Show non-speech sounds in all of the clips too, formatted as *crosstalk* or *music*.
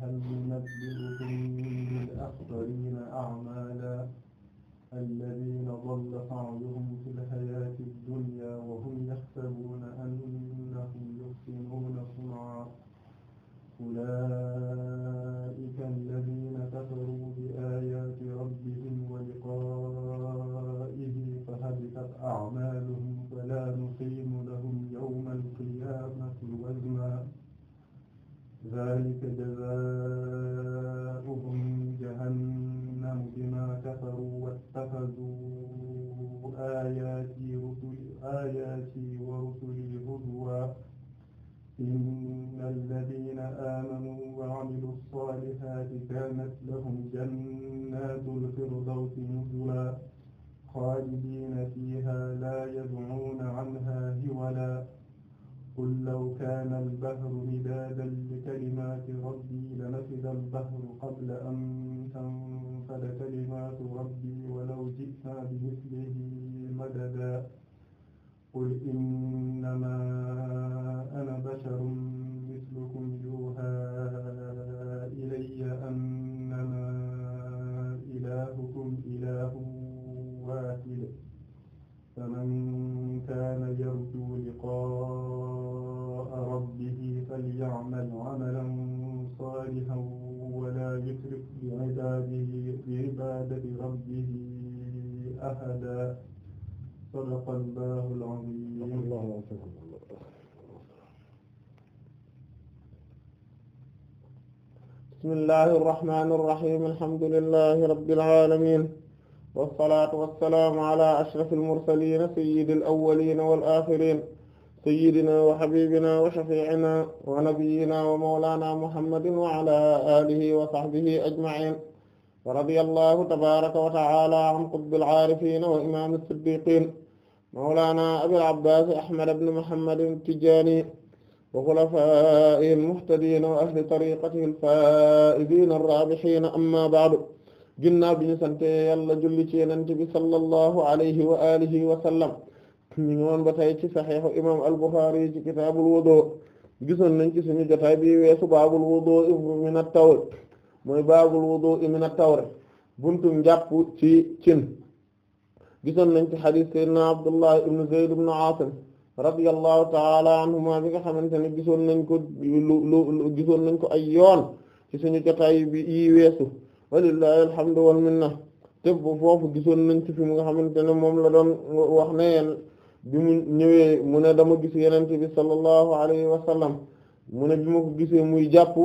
hal nunabbi'ukum bil-akhsarina a'mala alladhina dhalla sa'yuhum fil hayati ad-dunya wa hum yahsabuna annahum yuhsinuna sun'a zaalika jazaa'uhum jahannamu bimaa kafaruu wattaxazuu aayaatii rusuli aayaatii wa rusulii huzwan inna allaziina aamanuu wa amiluu saalihaati kaanat lahum jannaatul firdawsi nuzulaa xaalidiina fiihaa laa yaz'uuna anhaa hiwalaa قل لو كان البحر مدادا لكلمات ربي لنفد البحر قبل أن تنفد كلمات ربي ولو جئنا بمثله مددا قل إنما أنا بشر مثلكم يوحى إلي أنما إلهكم إله واحد فمن كان يرجو لقاء أحدا صدق الله العظيم بسم الله الرحمن الرحيم الحمد لله رب العالمين والصلاة والسلام على أشرف المرسلين سيد الأولين والآخرين سيدنا وحبيبنا وشفيعنا ونبينا ومولانا محمد وعلى آله وصحبه أجمعين radiyallahu tabaraka wa ta'ala an qutbil aarifin wa imam as-siddiqin mawlana abil abbas ahmad ibn muhammad at-tijani wa khulafa'ihi al-muhtadin wa ahli tariqatihi al-fa'izin ar-rabihin amma ba'du ginnaaw bi ñu sante yàlla julli ci yonent bi sallallahu alayhi wa alihi wa sallam ñu woon ba tey ci saxiixu imam al-Bukhari ci kitaabul wudu gisoon nañ ci suñu jotaay bi weesu baabul wudu min at-tawb mooy baabul wudu'i min at-tawr buntum njàpp ci cin gisoon nañ ci xadiis sayyidina Abdullah ibn Zayd ibn Aasim radiyallahu ta'ala anhuma bi nga xamante ne gisoon nañ ko lu gisoon nañ ko ay yoon ci suñu jotaay bi yi weesu walillahi alhamdu wal minna te foofu gisoon nañ ci fi mu nga xamante moom la doon wax ne bi mu ñëwee mu ne dama gis yenente bi sallallahu alayhi wa mu ne bi ma ko gisee muy jàpp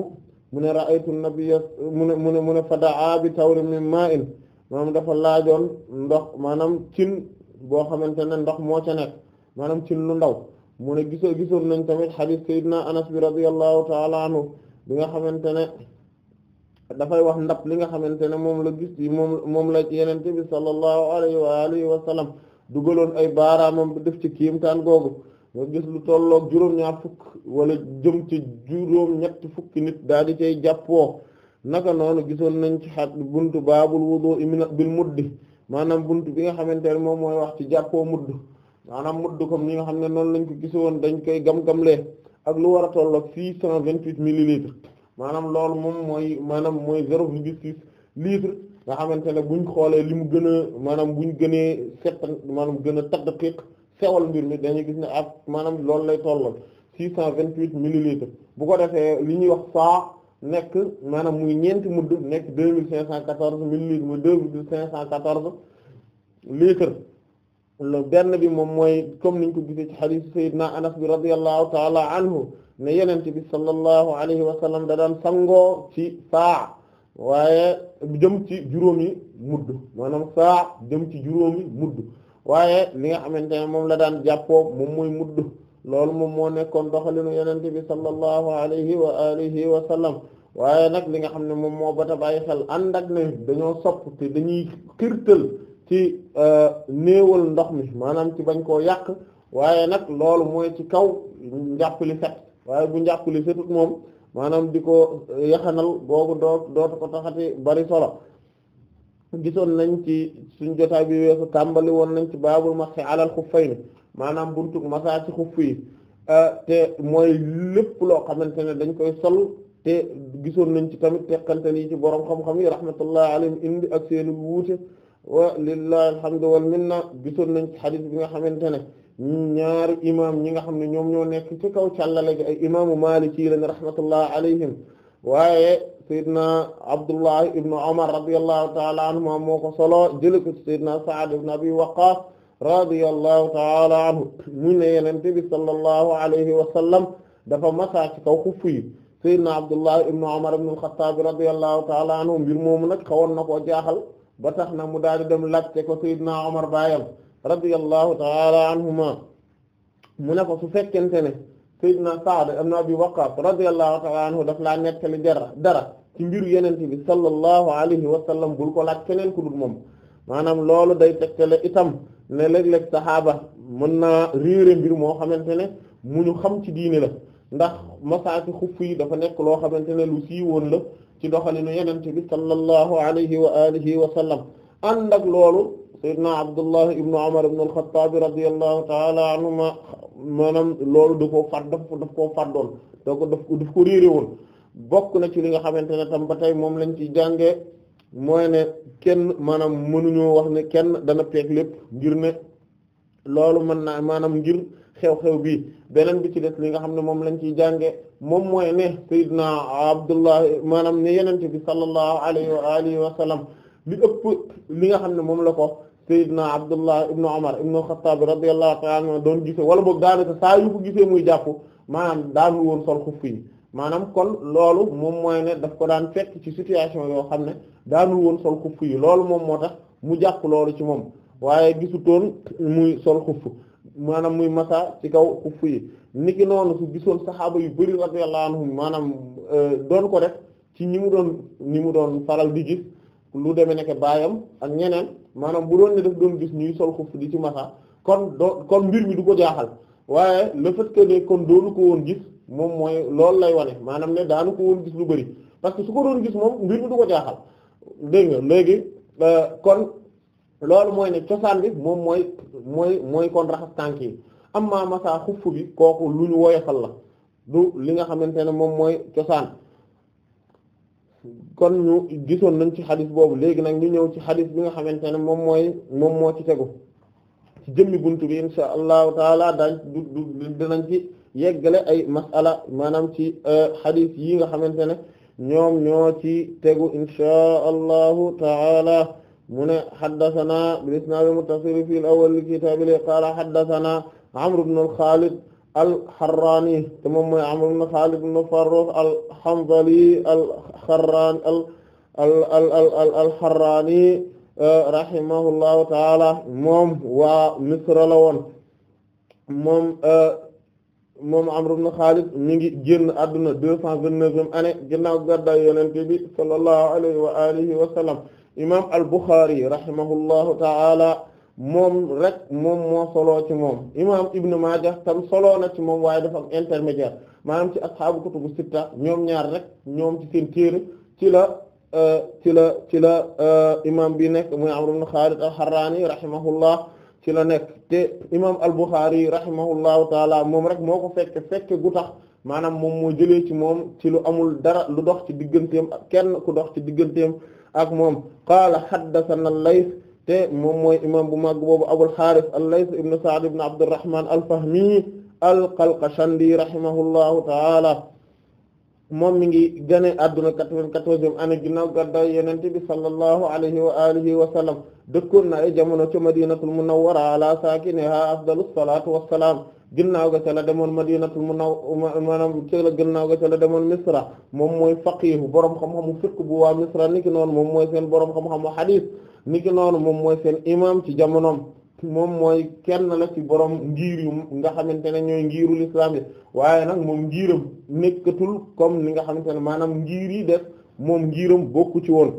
mu ne ra'aytu nabiyya mu ne mu ne mu ne fa daa bi tawrin min ma'in maanaam dafa laajoon ndox maanaam cin boo xamante ne ndox moo ca maanaam cin lu ndaw mu ne gisoo gisoon nañ tamit xadiis sayyidina anas bi radiyallahu ta'ala anhu bi nga xamante ne dafay wax ndab li nga xamante ne moom la gis yi moom moom la yeneen bi sallallahu alayhi wa alihi wa sallam dugaloon ay baaraamam bi def ci kiimtaan googu nga gis lu tolloog juróom-ñaar fukk wala jëm ci juróom ñetti fukki nit daal di cay jàppoo naka noonu gisoon nañ ci xat buntu baabul wudu min mu muddi maanaam bunt bi nga xamante ne moom mooy wax ci jàppoo mudd maanaam mudd comme ni nga xam ne noonu lañ ko gisoon dañ koy gam-gamlee gam ak lu war a tolloog six cent vingt-huit millilitres maanaam lool moom mooy maanaam mooy zéro virgule six litre nga xamante ne buñ xoolee li mu gën a maanaam buñ gënee set maanaam gën a taddaqiq sewal mbir mi dañuy gis ne ak maanaam loolu lay tollal six cent vingt huit bu ko defee li ñuy wax saa nekk maanaam muy ñeenti mudd nekk deux mille cinq cent quatorze millilitres muy deux virgule cinq cent quatorze litres le benn bi moom mooy comme niñ ko gisee ci xadiis Seydina Anas bi radiyallahu taala anhu ne yeneen ci bi sallallahu alayhi wa sallam da daan sangoo ci saa waaye jëm ci juróomi mudd maanaam saa jëm ci juróomi mudd waaye li nga xamante ne moom la daan jàppoo moom mooy mudd loolu moom moo nekkoon doxalinu yenente bi sallallahu alayhi wa alihi wa sallam waaye nag li nga xam ne moom moo bata bàyyi xel ànd ak ne dañoo sopp te dañuy xirtal ci euh, néewal ndox mi maanaam ci bañ koo yàq waaye nag loolu mooy ci kaw njàppali set waaye bu njàppali setut moom maanaam di ko euh, yaxanal boobu doo dootu ko taxati bari solo gisoon nañ ci suñ jotaay bi weesu tàmbali woon nañ ci baabul masxi alal xuffayni maanaam buntug masaa ci xuff yi euh, te mooy lépp loo xamante ne dañ koy sol te gisoon nañ ci tamit teqantal yi ci borom xam-xam yi rahmatullahi alayhim indi ak seen wuute wa lillahi alhamdu wal minna gisoon nañ ci xadis bi nga xamante ne ñaari imam ñi nga xam ne ñoom ñoo nekk ci kaw càllale gi ay imaamu maliki yi lañ rahmatullahi alayhim waaye Seydina Abdullah ibn Umar radiyallahu ta'ala anhuma moo ko solo jëlee ko ci Seydina Sa'd ibn Abi Waqqas radiyallahu ta'ala anhu mu ne Yonent bi sallallahu alayhi wa sallam dafa masaa ci kaw xuff yi Seydina Abdullah ibn Umar ibn al-Khattab radiyallahu ta'ala anhu mbir moomu nag xawoon na koo jaaxal ba tax na mu daal di dem laajte ko Seydina Umar baayam radiyallahu ta'ala anhuma mu ne ko su fekkente ne Seydina Sa'd ibn Abi Waqqas radiyallahu ta'ala anhu daf laa nettali dara dara ci mbiru yenente bi sallallahu alayhi wa sallam bul ko laaj keneen ku dul moom maanaam loolu day tegtale itam ne léeg-léeg saxaaba mën naa réere mbir moo xamante ne mu ñu xam ci diine la ndax masaaki xuff dafa nekk loo xamante ne lu siiwoon la ci doxalinu yenente bi sallallahu alayhi wa alihi wa sallam ànd ak loolu sayyidna abdullah ibnu umar ibnu al-xattaab radiyallahu taala anhuma maanaam loolu da koo fat daf daf koo fàddoon daf ko daf ko réere woon bokk na ci li nga xamante ne tam ba tey moom lañ ci jànge mooy ne kenn maanaam mënuñoo wax ne kenn dana peeg lépp ngir loolu mën naa maanaam ngir xew bi beneen bi ci des li nga xam ne moom lañ ciy jànge moom mooy ne sayyidna Abdullah maanaam ne yenente bi sallallahu alayhi wa alihi wa sallam li ëpp li nga xam ne moom la ko sayyidna Abdullah ibnu Umar ibnu Xattaab radiyallahu ta'ala anhu doon gisee wala boog daanaka saa yu ko gisee muy jàpp maanaam daanu woon sol xuf maanaam kon loolu moom mooy ne daf ko daan fekk ci situation yoo xam ne daanul woon sol xuff yi loolu moom moo tax mu jàpp loolu ci moom waaye gisutoon muy sol xuff maanaam muy masa ci kaw xuff yi niki noonu su gisoon saxaaba yu bari radiyallahu anhum maanaam euh, doon ko def ci ñi mu doon ñi mu doon faral di gis lu demee nekk baayam ak ñeneen maanaam bu doon ne daf doon gis ñuy sol xuff di ci masa kon doo kon mbir mi du ko jaaxal waaye le fait que ne kon doonu ko woon moom mooy loolu lay wane maanaam ne daanu ko woon gis lu bari parce que su ko doon gis moom mbir mi du ko jaaxal dégg nga léegi euh, kon loolu mooy ne cosaan bi moom mooy mooy mooy kon tànk yi amma masa xuff bi kooku lu ñu woyofal la du li nga xamante ne moom mooy cosaan kon ñu nañ ci xadis boobu léegi nag ñu ñëw ci xadis bi nga xamante ne moom mooy moom moo ci tegu ci jëmmi bunt bi insha allahu taala daañ dinañ ci yeggale ay masala maanaam ci euh, xadis yi nga xamante ne ñoom ñoo ci tegu inshaa allahu taala mu ne xaddasanaa bil isnaadil muttasil fil awwal kitaabil qaala xaddasanaa amru ibn xaalid al te moom mooy Amr ibn Xaalid ibn Farrukh al-Hanzali al-Harraani euh, al-Harraani Misra la woon euh, moom Amr ibn Khalid mi ngi génn àdduna deux cent vingt-neuvième année ginnaaw gàddaay yonent bi sallallahu alayhi wa alihi wa sallam imam al-Bukhari rahimahullahu ta'ala moom rek moom moo soloo ci moom imam Ibn Maaja tam soloo na ci moom waaye dafa am intermédiaire maanaam ci ashaabu kutubu sitta ñoom ñaar rek ñoom ci seen euh, ci la ci la ci la euh, imam bi nekk muy Amr ibn Khalid al-Harrani rahimahullah ci la nekk te imam al-Bukhari rahimahullahu taala moom rek moo ko fekke fekke gu tax maanaam moom moo jëlee ci moom ci lu amul dara lu dox ci digganteem ak kenn ku dox ci digganteem ak moom qaala haddathana al-Layth te moom mooy imam bu mag boobu Abul Harith al-Layth ibn Sa'd ibn Abdurrahman al-Fahmi al-Qalqashandi rahimahullahu taala moom mi ngi gane adduna quatre-vingt-quatorzième année ginnaaw gàddaay yonent bi sallallahu alayhi wa alihi wa sallam dëkkoon na ay jamono ci madinatul munawwara ala saakiniha afdalus salatu wassalam ginnaaw ga ca la demoon madinatul munawwara maanaam ca la ginnaaw ga ca la demoon misra moom mooy faqiihu borom xam-xamu fiqh bu waa misra niki noonu moom mooy seen boroom xam-xamu hadith niki noonu moom mooy seen imam ci jamonoom moom mooy kenn na ci borom ngiir yu nga xamante ne ñooy ngiirul islam yi waaye nag moom ngiiram nekkatul comme ni nga xamante ne maanaam ngiir yi def moom ngiiram bokku ci woon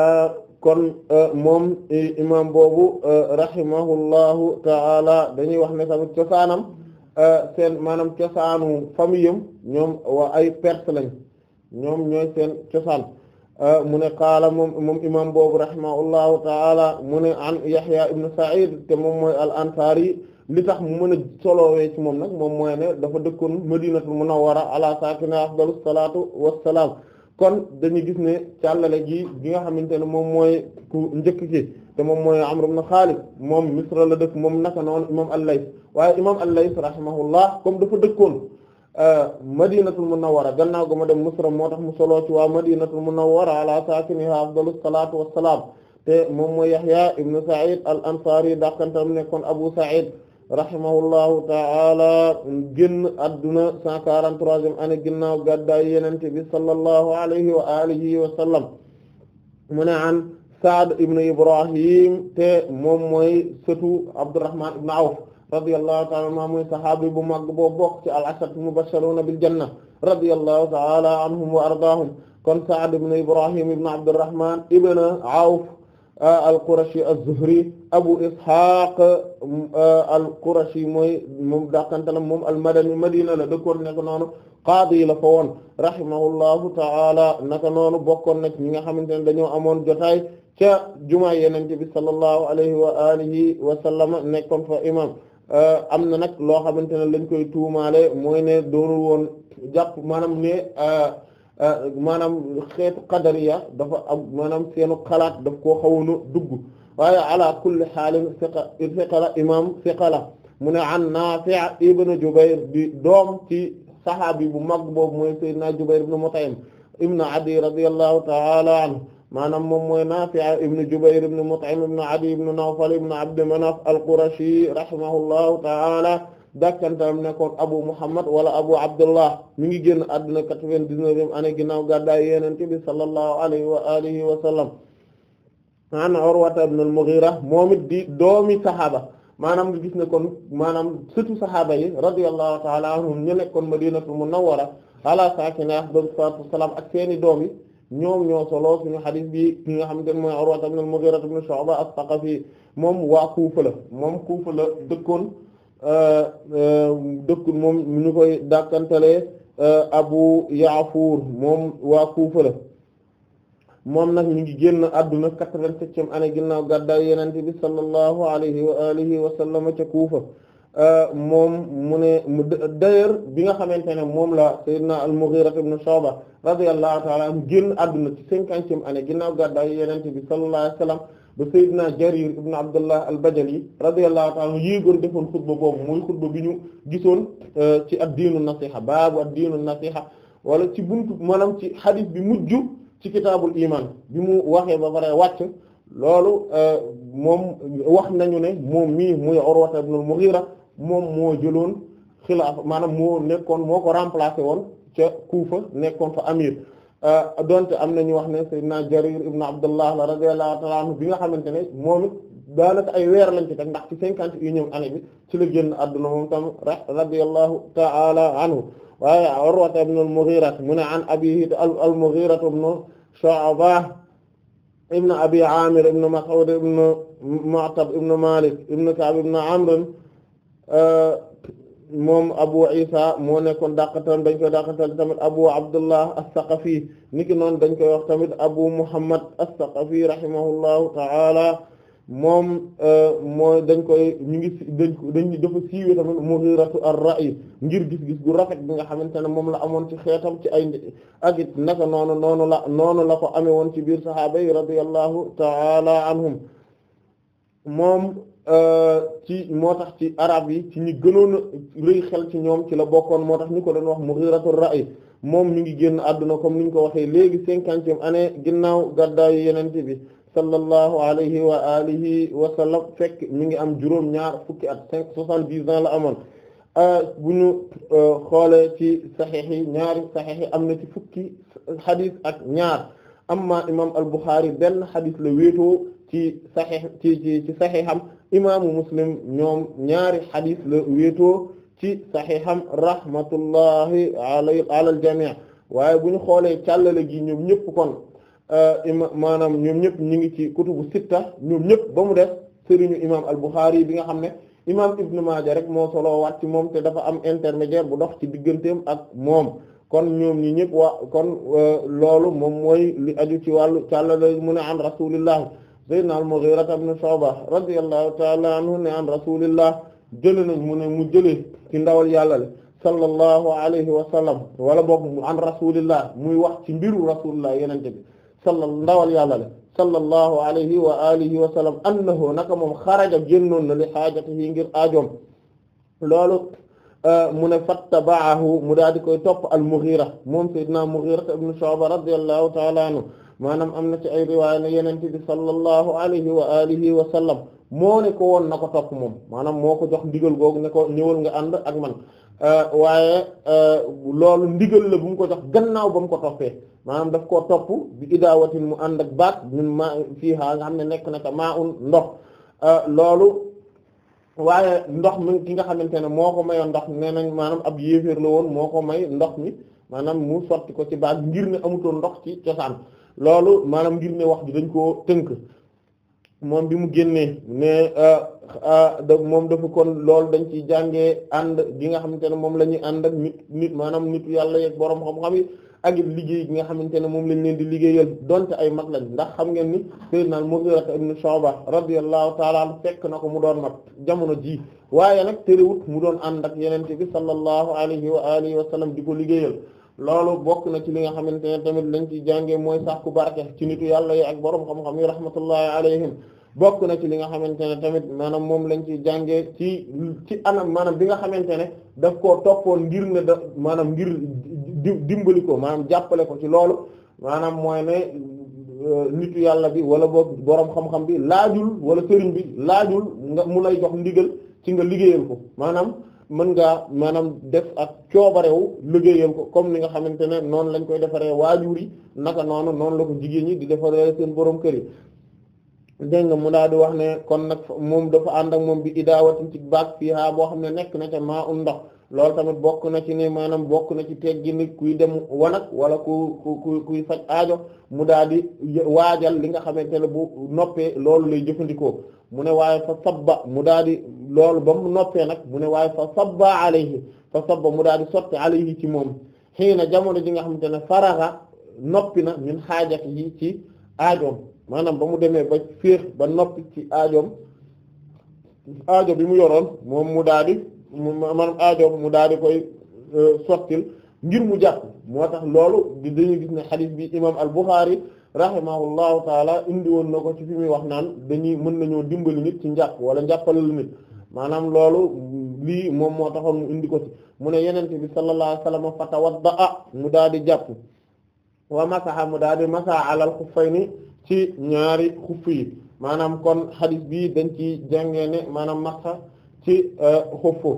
euh, kon euh, moom imam boobu euh, rahimahullahu taala dañuy wax ne tamit cosaanam seen maanaam cosaanu famiyam ñoom waa ay perse lañ ñoom ñooy seen cosaan Ah, mu ne qaala moom moom imam boobu rahimahullahu taala mu ne an Yahya ibn Sa'id te moom mooy al ansari li tax mu mën a soloowee ci moom nag moom mooy ne dafa dëkkoon madinatul munawwara ala saakina afdalus salaatu wassalaam kon dañu gis ne càllale gi gi nga xamante ne moom mooy ku njëkk ki te moom mooy Amr ibn Khalid moom Misra la dëkk moom naka noonu imam al-Layth waaye imam al-Layth rahimahullah comme dafa dëkkoon Euh, madinatul munawwara gannaaw ga ma dem Misra moo tax mu solo waa madinatul munawwara ala saakinihaa afdalu salaatu wassalaam te moom mooy Yahya ibn Sa'id al-Ansari dàqantam nekkoon Abu Sa'id rahimahullahu ta'ala génn adduna 143e année ginnaaw gàddaay Yonent bi sallallahu alayhi wa alihi wa sallam mu ne an Sa'd ibn Ibrahim te moom mooy sëtu Abdurrahman ibn Awf radiyallahu ta'ala anhu mooy saxaabi bu mag boo bokk ci al-ashara al-mubashsharuna bil janna radiyallahu ta'ala anhum wa ardaahum kon Sa'd ibn Ibrahim ibn Abdurrahman ibn Awf al-Qurashi az-Zuhri Abu Ishaq al-Qurashi mooy moom dàqantalam moom al-Madani Madina la dëkkoon nekk noonu qaadi la fa woon rahimahullahu ta'ala naka noonu bokkoon nag ñi nga xamante ne dañoo amoon jotaay ca jumaa Yonent bi sallallahu alayhi wa alihi wa sallam nekkoon fa imam Euh, am na nag loo xamante ne lañ koy tuumaale mooy ne doonul woon jàpp maanaam ne euh, euh, maanaam xeetu qadariya dafa am maanaam seenu xalaat daf koo xawoona dugg waaye ala kulli xaalin siqa siqala imam siqala mu ne an Naafi' ibn Jubayr di doom ci saxaabi bu mag boobu mooy Seydina Jubayr ibn Mut'im ibn Adi radiyallahu ta'ala anhu maanaam moom mooy Naafi' ibn Jubayr ibn Mut'im ibn Adi ibn Nawfal ibn Abd Manaf al-Qurashi rahimahullahu ta'ala dakkantaam nekkoon Abu Muhammad wala Abu Abdullah mi ngi génn àdduna quatre-vingt-dix-neuvième année ginnaaw gàddaay Yonent bi sallallahu alayhi wa alihi wa sallam an Urwata ibn al-Mughira moom di doomi saxaaba maanaam gis ne kon maanaam surtout saxaaba yi radiyallahu ta'ala anhum ñu nekkoon Madinatul Munawwara ala saakinihaa afdalu salaatu wa ak seeni doom yi ñoom ñoo solo suñu xadis bi ki nga xamante ne mooy Urwa ibn al-Mughira ibn Shu'ba as-Saqafi moom waa Kufa moom Kufa la dëkkoon euh, euh, dëkkoon moom ñu koy dàkkantalee euh, Abu Ya'fur moom waa Kufa la moom nag ñu ngi génn àdduna quatre-vingt-septième année ginnaaw gàddaay Yonent bi sallallahu alayhi wa alihi wa sallam ca Kufa Euh, moom mu ne d'ailleurs bi nga xamante ne moom la sayyidina al-Mughira ibn Shu'ba radiyallahu ta'ala anhu génn àdduna ci cinquantième année ginnaaw gàddaay Yonent bi sallallahu alayhi wasallam ba sayyidina Jarir ibn Abdullah al-Bajali radiyallahu ta'ala anhu yéegoon defoon xutba boobu muy xutba bi ñu gisoon euh, ci ad-diinu nasiha baabu ad-diinu nasiha wala ci buntu maanaam ci hadith bi mujj ci kitaabul iman bi mu waxee ba pare wàcc loolu euh, moom wax nañu ne moom mii muy Urwata ibn al moom moo jëloon xilaafa maanaam moo nekkoon moo ko remplacé woon ca nekkoon fa amir euh, donte am na ñu wax ne Seydina Jarir ibn Abdullah radiyallahu ta'ala bi nga xamante ne moom it daanaka ay weer lañ ci teg ndax ci cinquante et unième année bi ci la génn adduna moom tam radiyallahu ta'ala anhu waaye Urwa ibn al mu ne an abihi al-Mughira ibn Shu'ba ibn Abi Amir ibn Mas'ud ibn Mu'tab ibn Malik ibn Ka'b ibn Amr Euh, moom Abu Isa moo nekkoon dàqatam dañ koy dàqatal tamit Abu Abdullah as-Saqafi niki noon dañ koy wax tamit Abu Muhammad as-Saqafi rahimahullahu ta'ala moom euh, mooy dañ koy ñu ngi dañ dañ dafa siiwee tamit mughiratu ar-ra'y ngir gis-gis gu rafet bi nga xamante ne moom la amoon ci xeetam ci ay ak it naka noonu noonu la noonu la ko amee woon ci biir sahaaba yi radiyallahu ta'ala anhum moom Euh, ci moo tax ci arab yi ci ñi gënoon a xel ci ñoom ci la bokkoon moo tax ñi ko doon wax Mughiratu Ra'i moom ñu ngi génn àdduna comme ni ñu ko waxee léegi cinquantième année ginnaaw gàddaayu yenente bi sallallahu alayhi wa alihi wa sallam fekk mi ngi am juróom ñaar fukki at cinq soixante-dix ans la amoon euh, bu ñu euh, xoolee ci saxiix yi ñaari saxiix yi am na ci fukki xadis ak ñaar amma imam al-Bukhari benn xadis la wéetoo ci saxeex ci ci ci saxeexam imaamu muslim ñoom ñaari xadis la wéetoo ci saxeexam rahmatullahi alay alal jamii waaye bu ñu xoolee càllale gi ñoom ñëpp kon euh, ima maanaam ñoom ñëpp ñu ngi ci kutubu sitta ñoom ñëpp ba mu def sëriñu imaam al buxaari bi nga xam ne imaam ibnu maaja rek moo solo waat ci moom te dafa am intermédiaire bu dox ci digganteem ak moom kon ñoom ñi ñëpp wa kon euh, loolu moom mooy li aju ci wàllu càllale mu ne an rasulillah Seydina al-Mughira ibn Shu'ba radiyallahu ta'ala anhu ne an rasulillah jëlee na mu ne mu jëlee ci ndawal yàlla le sallallahu alayhi wa sallam wala boog an rasulillah muy wax ci mbiru rasulillah yenente bi salla ndawal yàlla le sallallahu alayhi wa alihi wa sallam annahu naka moom xaraja génnoon na li xaajatihi ngir aajoom loolu euh, mu ne fattaba'ahu mu daal di koy topp al-Mughira moom Seydina Mughira ibn Shu'ba maanaam am na ci ay riwaaya ne yenente bi sallallahu alayhi wa alihi wa sallam moo ne ko woon na ko topp moom maanaam moo ko jox ndigal googu ne ko ñëwal nga ànd ak man euh, waaye euh, loolu ndigal la bu mu ko jox gannaaw ba mu ko toppee maanaam daf koo topp bi idaawatin mu ànd ak baat min ma fii haa nga xam ne nekk na ko maa un ndox euh, loolu waaye ndox mi ki nga xamante ne moo ko mayoon ndox nee maanaam ab yéeféer la woon moo ko may ndox mi maanaam mu sotti ko ci baat ngir ne amutoon ndox ci cosaan loolu maanaam ngir ne wax ji dañ koo tënk moom bi mu génnee ne ah, ah, moom dafa kon loolu dañ ci jàngee ànd gi nga xamante ne moom la ñuy ànd ak nit nit maanaam nitu yàlla yeeg boroom xam-xam yi ak it liggéey gi nga xamante ne moom lañ leen di liggéeyal donte ay mag lañ ndax xam ngeen ni sayyidna Mughira ibn Shu'ba radiyallahu ta'ala anhu fekk na ko mu doon mat jamono ji waaye nag terewut mu doon ànd ak yenente bi sallallahu alayhi wa alihi wa sallam di ko liggéeyal loolu bokk na ci li nga xamante ne tamit lañ ci jàngee mooy sàkku barke ci nitu yàlla yi ak borom xam-xam yi rahmatullahi alayhim bokk na ci li nga xamante ne tamit maanaam moom lañ ci jàngee ci ci anam maanaam bi nga xamante ne daf koo toppoon ngir ne da maanaam ngir dimbali ko maanaam jàppale ko ci loolu maanaam mooy ne euh, nitu yàlla bi wala boog boroom xam-xam bi laajul wala sëriñ bi laajul nga mu lay jox ndigal ci nga liggéeyal ko maanaam mën ngaa maanaam def ak coobarewu liggéeyal ko comme ni nga xamante ne noonu lañ koy defaree waajur yi naka noonu noonu la ko jigéen ñi di defaree seen borom kër yi dégg nga mu daal di wax ne kon nag moom dafa ànd ak moom bi idaawatin ci baag fii ha boo xam ne nekk na ca maa um ndax loolu tamit bokk na ci ne maanaam bokk na ci teggi ni kuy dem wanag wala ku ku kuy faj aajo mu daal di waajal li nga xamante ne bu noppee loolu lay jëfandikoo mu ne waaye fa sabba mu daal di loolu ba mu noppee nag mu ne waaye fa sabba alayhi fa sabba mu daal di sotti alayhi ci moom xëy na jamono ji nga xamante ne faraxa noppi na min xaaja yi ci aajoom maanaam ba mu demee ba fiir ba noppi ci aajoom aajo bi mu yoroon moom mu daal maanaam aajoom mu daal di koy euh, sottil ngir mu jàpp moo tax loolu di dañu gis ne xadis bi imam al-Bukhari rahimahullahu taala indi woon na ko ci fi muy wax naan dañuy mën nañoo dimbali nit ci njàpp wala njàppalal nit maanaam loolu lii moom moo taxoon mu indi ko ci mu ne yenente bi sallallahu alayhi ba fatawadda'a mu daal di jàpp wa masaha mu daal di masaha alal xuffayni ci ñaari xuff yi maanaam kon xadis bi dañ ci jàngee ne maanaam masaha ci euh, xufu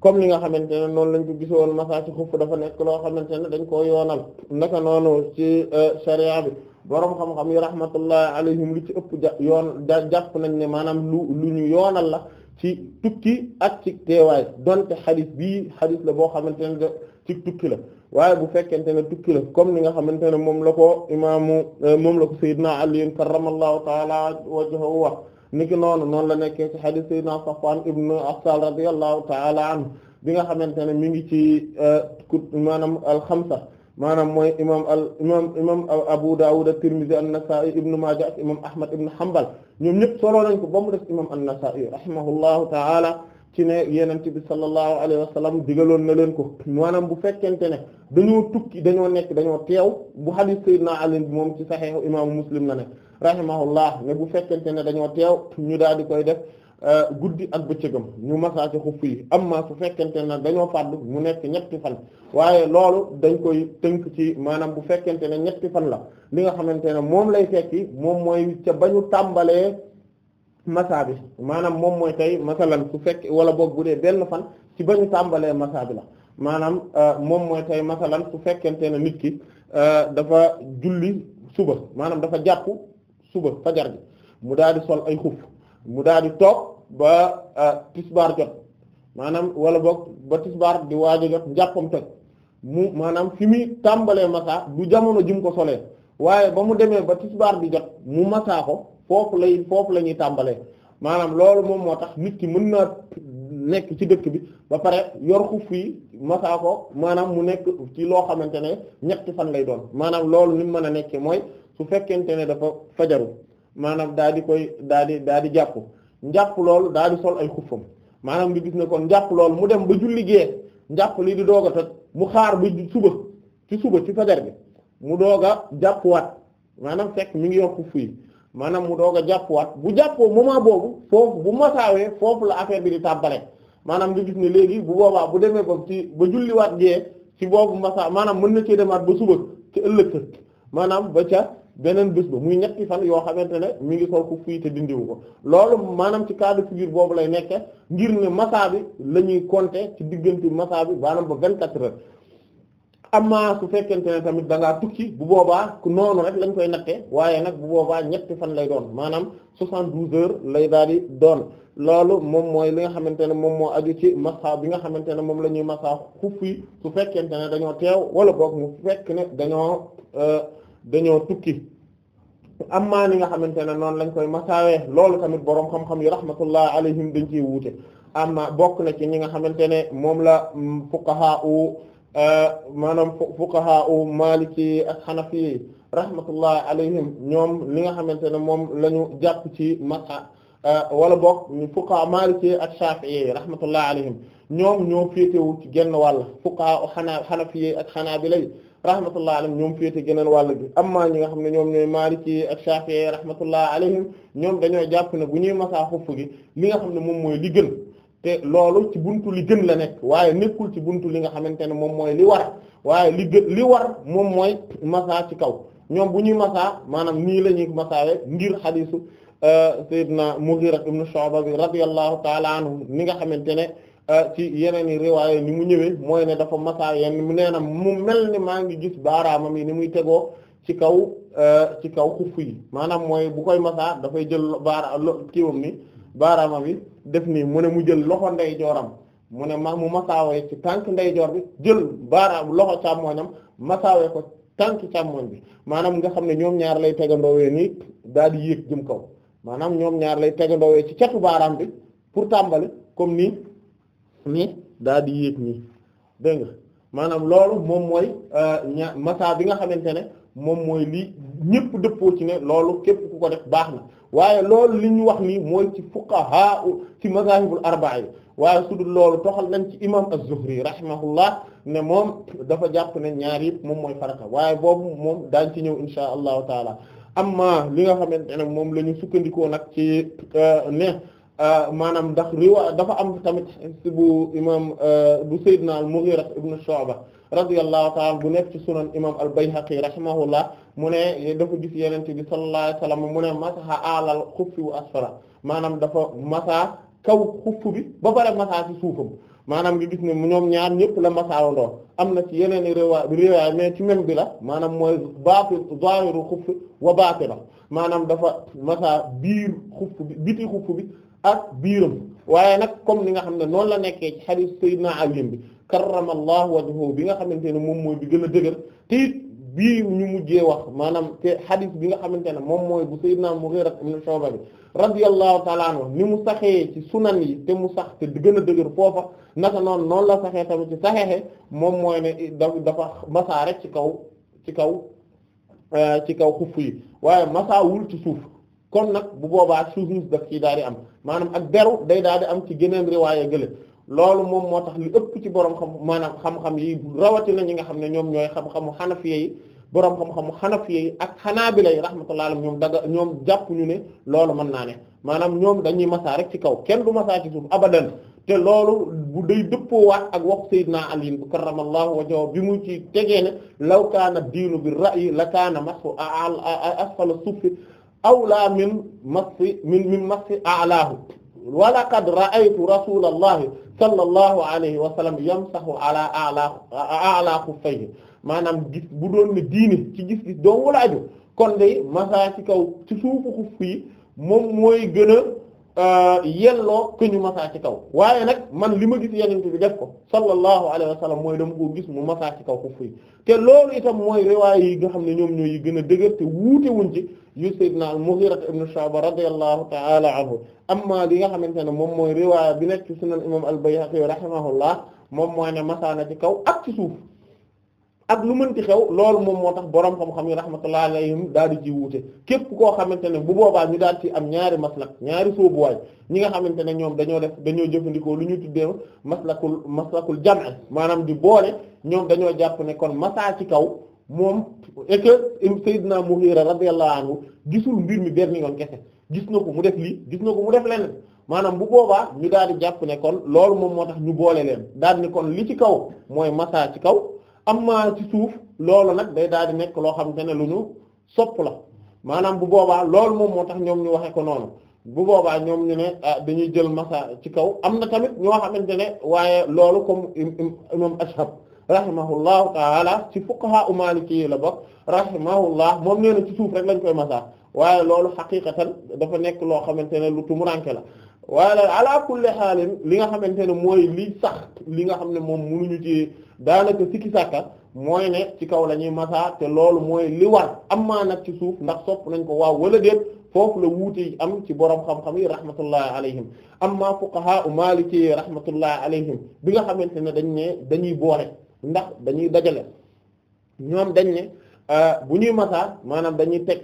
comme li nga xamante ne noonu lañ ko gisoon masa ci xufu dafa nekk loo xamante ne dañ koo yoonal naka noonu ci euh, sharia bi boroom xam-xam yi rahmatullahi alayhim li ci ëpp ja yoon jàpp nañ ne maanaam lu lu ñu yoonal la ci tukki ak ci teewaay donte xadis bii xadis la boo xamante ne ci tukki la waaye bu fekkente ne tukki la comme ni nga xamante ne moom la ko imaamu euh, moom la ko sayyidna Ali karamallahu taala wajhahu wax niki noonu noonu la nekkee ci hadith sayyidina Safwan ibn Assal radiyallahu ta'ala anhu bi nga xamante ne mi ngi ci euh, kut maanaam alxamsa maanaam mooy imam al imam imam Abu Dawud at-Tirmidhi an-Nasa'i ibn Majah ak imam Ahmad ibn Hanbal ñoom ñëpp solo nañ ko ba mu def imam an-Nasa'i rahimahullahu ta'ala ci ne yenente bi sallallahu alayhi wa sallam digaloon na leen ko maanaam bu fekkente ne dañoo tukki dañoo nekk dañoo teew bu hadith sayyidina Ali bi moom ci saxiixu imaamu Muslim la nekk rahimahullah ne bu fekkente ne dañoo teew ñu daal di koy def euh, guddi ak bëccëgam ñu masaa ci xuff yi amma su fekkente ne dañoo fàddu mu nekk ñetti fan waaye loolu dañ koy tënk ci maanaam bu fekkente ne ñetti fan la li nga xamante ne moom lay fekki moom mooy ca ba ñu tàmbalee masaa bi maanaam moom mooy tey masalan su fekk wala boog bu dee fan ci ba tàmbalee masaa bi maanaam euh, moom mooy tey masalan su fekkente ne nit ki euh, dafa julli suba maanaam dafa jàpp suba fajar gi mu daal di sol ay xuf mu daal di toog ba euh, tisbaar jot maanaam wala boog ba tisbaar di waaj a jot njàppam toj mu maanaam fi muy tàmbalee masaa du jamono jim ko solee waaye ba mu demee ba tisbaar di jot mu masaa ko foofu lay foofu la ñuy tàmbalee maanaam loolu moom moo tax nit ki mën naa nekk ci dëkk bi ba pare yor xuf yi masaa ko maanaam mu nekk ci loo xamante ne ñetti fan lay doon maanaam loolu ni mu a nekkee mooy su fekkente ne dafa fajaru maanaam daa di koy daa di daa di jàpp njàpp loolu daa di sol ay xuffam maanaam nga gis ne kon njàpp loolu mu dem ba julli gee njàpp li di doog a toj mu xaar ba suba ci suba ci fajar mu doog a jàppwaat maanaam fekk mi ngi yor xuff maanaam mu doog a jàppwaat bu jàppoo moment boobu foofu bu masaawee foofu la affaire bi tàmbale maanaam nga gis ne léegi bu boobaa bu demee ci ba julliwaat gee ci boobu masa maanaam mën na cee demaat ba suba ci ëllëg maanaam ba ca beneen bés ba muy ñetti fan yoo xamante ne mu ngi sol ku fii te dindiwu ko loolu maanaam ci cas de boobu lay nekk ngir ne massa bi la ñuy compter ci diggante massa bi maanaam ba vingt-quatre heures amma su fekkente ne tamit danga ngaa tukki bu boobaa ku noonu rek lañ koy natte waaye nag bu boobaa ñetti fan lay doon maanaam soixante-douze heures lay daal di doon loolu moom mooy li nga xamante ne moom moo aju ci massa bi nga xamante ne moom la ñuy massa xuf yi su fekkente ne dañoo teew wala boog mu fekk ne dañoo euh, dañoo tukki amma ni nga xamante ne noonu lañ koy masaawee loolu tamit boroom xam-xam yi rahmatullah alayhim dañ ciy wuute amma bokk na ci ñi nga xamante ne moom la mm, fuqaha u uh, maanaam fuqaha u ñoom li nga xamante ne moom la ñu jàpp ci masa uh, wala bokk fuqaha maliki ak shafi'i rahmatullah alayhim ñoom ñoo féetewu ci genn wàll fuqaha xanaa xanafi ak xanaa bi lay rahmatullah alayhim ñoom féete geneen wàll bi amma ñi nga xam ne ñoom ñooy Maliki ak Shafi'i rahmatullah alayhim ñoom dañoo jàpp ne bu ñuy masaa xuff gi li nga xam ne moom mooy li gën te loolu ci buntu li gën la nekk waaye nekkul ci buntu li nga xamante ne moom mooy li war waaye li li war moom mooy masaa ci kaw ñoom bu ñuy masaa maanaam nii la ñuy masaawe ngir xadiisu euh, Seydina Mughira ibn Shu'ba bi radiyallahu ta'ala anhu ni nga xamante ne Ah, ci yeneen i riwaaya ni mu ñëwee mooy ne dafa masaa yenn mu nee na mu mel ni maa ngi gis baaraamam yi ni muy tegoo ci kaw ah, ci kaw xuff yi maanaam mooy bu koy masaa dafay jël baara kiiwam ni baaraamam bi def mu ne mu jël loxo ndeyjooram mu ne ma mu masaawee ci tànk ndeyjoor bi jël baaraam loxo càmmoñam masaawee ko tànk càmmoñ bi maanaam nga xam ne ñoom ñaar lay tegandoo we nii daal di yéeg jëm kaw maanaam ñoom ñaar lay tegandoowee ci catu baaraam bi pour tàmbali comme nii nii daal di yéeg nii dégg nga maanaam loolu moom mooy euh, ña massa bi nga xamante ne moom mooy lii ñépp dëppoo ci ne loolu képp ku ko def baax na waaye loolu li ñu wax nii mooy ci fuqaha ci mazahibul arba'a yi waaye su dul loolu toxal nañ ci imam az-Zuhri rahimahullah ne moom dafa jàpp ne ñaar yëpp moom mooy farata waaye boobu moom daañ ci ñëw insha allahu taala amma li nga xamante ne moom lañu sukkandikoo nag ci euh, ne Euh, maanaam ndax riwa dafa am tamit si bu imam euh, bu Seydina al-Mughira ibn Shu'ba radiyallahu bu nekk ci sunan imam al-Bayhaqi rahimahullah mu ne dafa gis yenente bi sallallahu alayhi wasallam mu ne masaha alal xuffi wa asfala maanaam dafa masa kaw xuff bi ba pare masaa ci suufam maanaam di gis ne ñoom ñaar ñëpp la masaawandoo am na ci yeneen riwa riwaay mais ci même bi la maanaam mooy baati zahiru xuff wa baati la maanaam dafa masa biir xuff biti xuff bi ak biiram waaye nag comme ni nga xam ne noonu la nekkee ci xadiis Seydina Ali bi karramallahu wajhahu bi nga xamante ne moom mooy bi gën a dëgër te bii ñu mujjee wax maanaam te bi nga xamante ne moom mooy bu Seydina Mughira ibn Shu'ba bi radiyallahu ta'ala anhu ni mu saxee ci sunan yi te mu sax te gën a dëgër foofa naka noonu noonu la saxee tamit ci saxeexe moom mooy ne dafa masaa rek ci kaw ci kaw euh, ci kaw xuff yi waaye masaawul ci suuf kon nag bu boobaa suuf daf ciy daal di am maanaam ak beru day daal di am ci geneen riwaaya gële loolu moom moo tax li ëpp ci borom xam maanaam xam-xam yi rawatina ñi nga xam ne ñoom ñooy xam-xamu xanafiye yi borom xam-xamu xanafiye yi ak xanaa xanaabila yi rahmatullah ñoom daga ñoom jàpp ne loolu mën naa ne maanaam ñoom dañuy masaa rek ci kaw kenn du masaa ci suuf abadan te loolu bu day dëppoowaat ak wax Seydina Ali karramallahu wajhahu bi mu ci tegee law kaana diinu bi ra'yi la kaana masu awlaa min massi min min massi a'laahu wa laqad ra'aytu rasulallahi sallallahu alayhi wa sallam yamsahu ala a'laa a'laa xuffayhi maanaam gis bu doon ne diine ci gis-gis dong la aju kon de masaa ci kaw ci suufu xuff yi moom mooy gën a Euh, yelloo que ñu masaa ci kaw waaye nag man li ma gis yenente bi def ko sallallahu alayhi wa sallam mooy dama ko gis mu masaa ci kaw xuf fii te loolu itam mooy riwaay yi nga xam ne ñoom ñooy yi gën a dëgër te wuute wuñ ci yu sayyidina al-Mughira ibn Shu'ba radiyallahu ta'ala anhu amma li nga xamante ne moom mooy riwaay bi nekk ci sunan imam al-Bayhaqi rahimahullah moom mooy ne masaa na ci kaw ak ci suuf ak lu mënti xew loolu moom moo tax boroom xam-xam yi rahmatullah alayhim daal di ci wuute képp koo xamante ne bu boobaa ñu daal ci am ñaari maslak ñaari sóobuwaay ñi nga xamante ne ñoom dañoo def dañoo jëfandikoo lu ñu tuddee maslakul maslakul jam'i maanaam di boole ñoom dañoo jàpp ne kon ci kaw moom et que Seydina Mughira radiyallahu anhu gisul mbir mi benn yoon kese gis na ko mu def lii gis na ko mu def lenn maanaam bu boobaa ñu daal di jàpp ne kon loolu moom moo tax ñu boole leen daal ne kon li ci kaw mooy masaa ci kaw amma ci suuf loolu nag day daal di nekk loo xam ne lu ñu sopp la maanaam bu boobaa loolu moom moo tax ñoom ñu waxe ko noonu bu boobaa ñoom ñu ne ah, dañuy jël masa ci kaw am na tamit ñoo xamante ne waaye loolu comme imam ashab rahimahullahu taala ci fuqaha u maliki yi la bokk rahimahullah moom nee na ci suuf rek lañ koy masa waaye loolu xaqiqatan dafa nekk loo xamante ne lu tumuranke la waaye ala kulli xaalin li nga xamante ne mooy li sax li nga xam ne moom mënuñu ci daanaka sikki sàkka mooy ne ci kaw lañuy ñuy te loolu mooy li war amaa nag ci suuf ndax sopp nañ ko waaw wala déet foofu la wuute am ci borom xam-xam yi rahmatullahi alayhim amma fuqaha u maliki yi rahmatullahi alayhim bi nga xamante ne dañ ne dañuy boole ndax dañuy dajale ñoom dañ ne euh, bu ñuy masa maanaam dañuy teg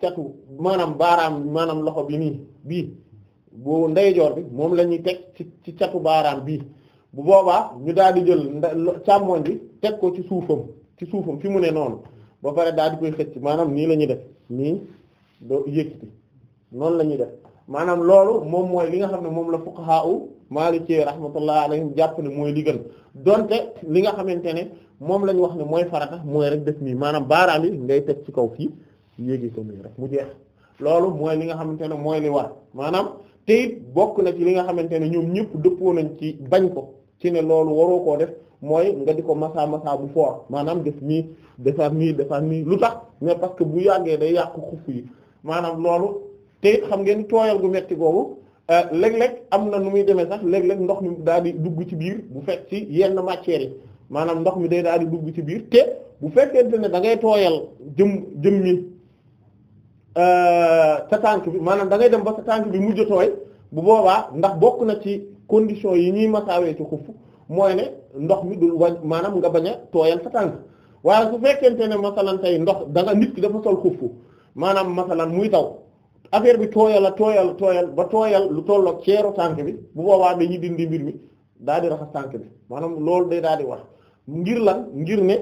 catu maanaam baaraam maanaam loxo bi nii bii bu ndeyjoor bi moom la ñuy teg ci ci catu baaraam bii bu boobaa ñu daal di jël càmmoñ bi teg ko ci suufam ci suufam fi mu ne noonu ba pare daal di koy xëcc maanaam nii la ñuy def nii doo yëkkati noonu la ñuy def maanaam loolu moom mooy li nga xam ne moom la fuqaha u Maliki rahmatullah alayhim jàpp ne mooy li gën li nga xamante ne moom la ñu wax ne mooy farata mooy rek def nii maanaam baaraam yi ngay teg ci kaw fii yéegi ko nii rek mu jeex loolu mooy li nga xamante ne mooy li war maanaam te bokk na ci li nga xamante ne ñoom ñëpp dëppoo nañ ci bañ ko ci ne loolu waroo koo def mooy nga di ko masa masa bu foor maanaam def nii defar nii defar nii lu tax mais parce que bu yàggee day yàqu xuf yi maanaam loolu te it xam ngeen tooyal gu metti googu euh, léeg-léeg am na nu muy demee sax léeg-léeg ndox mi daal di dugg ci biir bu fekk ci yenn matières maanaam ndox mi day daal di dugg ci biir te bu fekkente ne da ngay tooyal jëm jëm ñi euh, sa tànk bi maanaam da ngay dem ba sa tànk bi mujj tooy bu boobaa ndax bokk na ci condition yi ñuy masaawee ci xuff mooy ne ndox mi dul wañ maanaam nga bañ a tooyal sa tànk waaye su fekkente ne masalan tey ndox da nit ki dafa sol xuff maanaam masalan muy taw affaire bi tooyal a tooyal tooyal ba tooyal lu tollook ceeru tànk bi bu boobaa ñu dindi mbir mi daal di raxas tànk bi maanaam loolu day daal di wax ngir lan ngir ne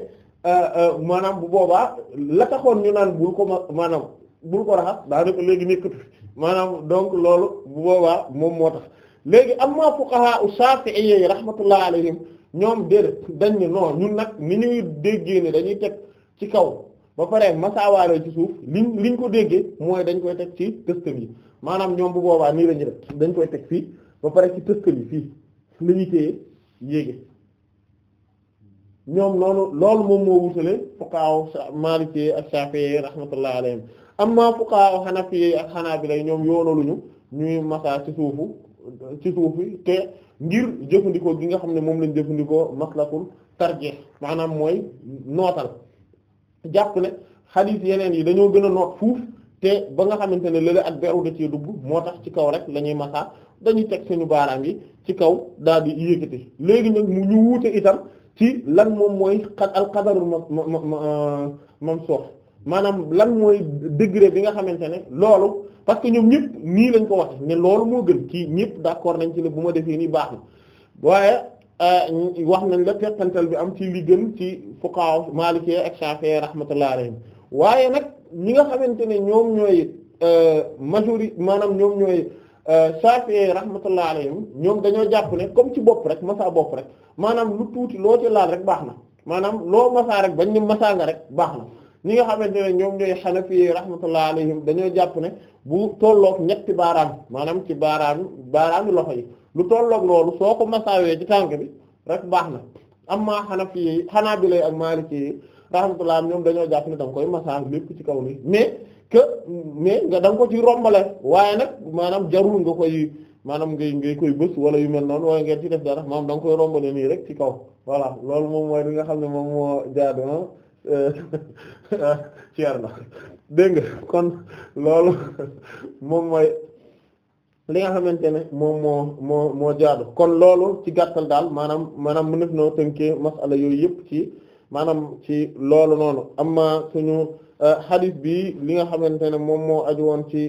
euh, euh, maanaam bu boobaa la taxoon ñu naan bul ko ma maanaam bul ko raxas daanaka léegi nekkatu maanaam donc loolu bu boobaa moom moo tax léegi am ma amma fuqaha Shafi'iyyi rahmatullah alayhim ñoom déedéet dañ ne non ñun nag ni ñuy déggee ne dañuy teg ci kaw ba pare masaawaale ci suuf liñ liñ ko déggee mooy dañ koy teg ci tëstal yi maanaam ñoom bu boobaa nii la ñuy def dañ koy teg fii ba pare ci tëstal yi fii la ñuy téye yéege ñoom loolu loolu moom moo wutale fuqaha Maliki ak Shafi'i rahmatullah alayhim amma fuqaha hanafi ak hanabila ñoom yoonaluñu ñuy masaa ci suufu ci suufi te ngir jëfandikoo gi nga xam ne moom lañ jëfandikoo maslakul tarjih maanaam mooy nootal jàpp ne xadiis yeneen yi dañoo gën a noot fuuf te ba nga xamante ne lële ak beru ci cee dugg moo tax ci kaw rek lañuy ñuy masaa dañuy teg suñu baaraam yi ci kaw daal di yëkkati léegi nag ñu wuute itam ci lan moom mooy xad al qadarul ma ma ma mam soox maanaam lan mooy degré bi nga xamante ne loolu parce que ñoom ñëpp nii lañ ko wax ne loolu moo gën kii ñëpp d'accord nañ ci ne bu ma defee nii baax na waaye euh, wax nañ la teqantal bi am ci li gën ci fuqaha Maliki ak Shafi'i rahmatullahi alayhim waaye nag ñi nga xamante ne ñoom ñooy euh, majorité maanaam ñoom ñooy euh, Shafi'i rahmatullahi alayhim ñoom dañoo jàpp ne comme ci bopp rek masa bopp rek maanaam lu tuuti loo ci laal rek baax na maanaam loo masaa rek bañ ni masaa rek baax na ñi nga xamante ne ñoom ñooy xanafi rahmatullah alayhim dañoo jàpp ne bu tollook ñetti baaraam maanaam ci baaraam baaraami loxo yi lu tolloog loolu soo ko masaawee ci tànk bi rek baax na amma xanafi xanaabila ak maaliki rahmatullah ñoom dañoo jàpp ne da nga koy masaaw lépp ci kaw nii mais que nga da ko ci rombale waaye nag maanaam jarul nga koy maanaam ngay ngay koy bës wala yu mel noonu wala ngeen ci def dara maanaam da nga koy rombale nii rek ci kaw voilà loolu moom mooy li nga xam ne moom moo jaadu ah. ceer eh, *laughs* ah, na dégg nga kon loolu moom mooy li nga xamante ne moom moo moo moo jaadu kon loolu ci gàttal daal maanaam maanaam mu nekk noo tënkee masala yooyu yëpp ci maanaam ci loolu noonu amma suñu eh, hadith bi li nga xamante ne moom moo aju woon ci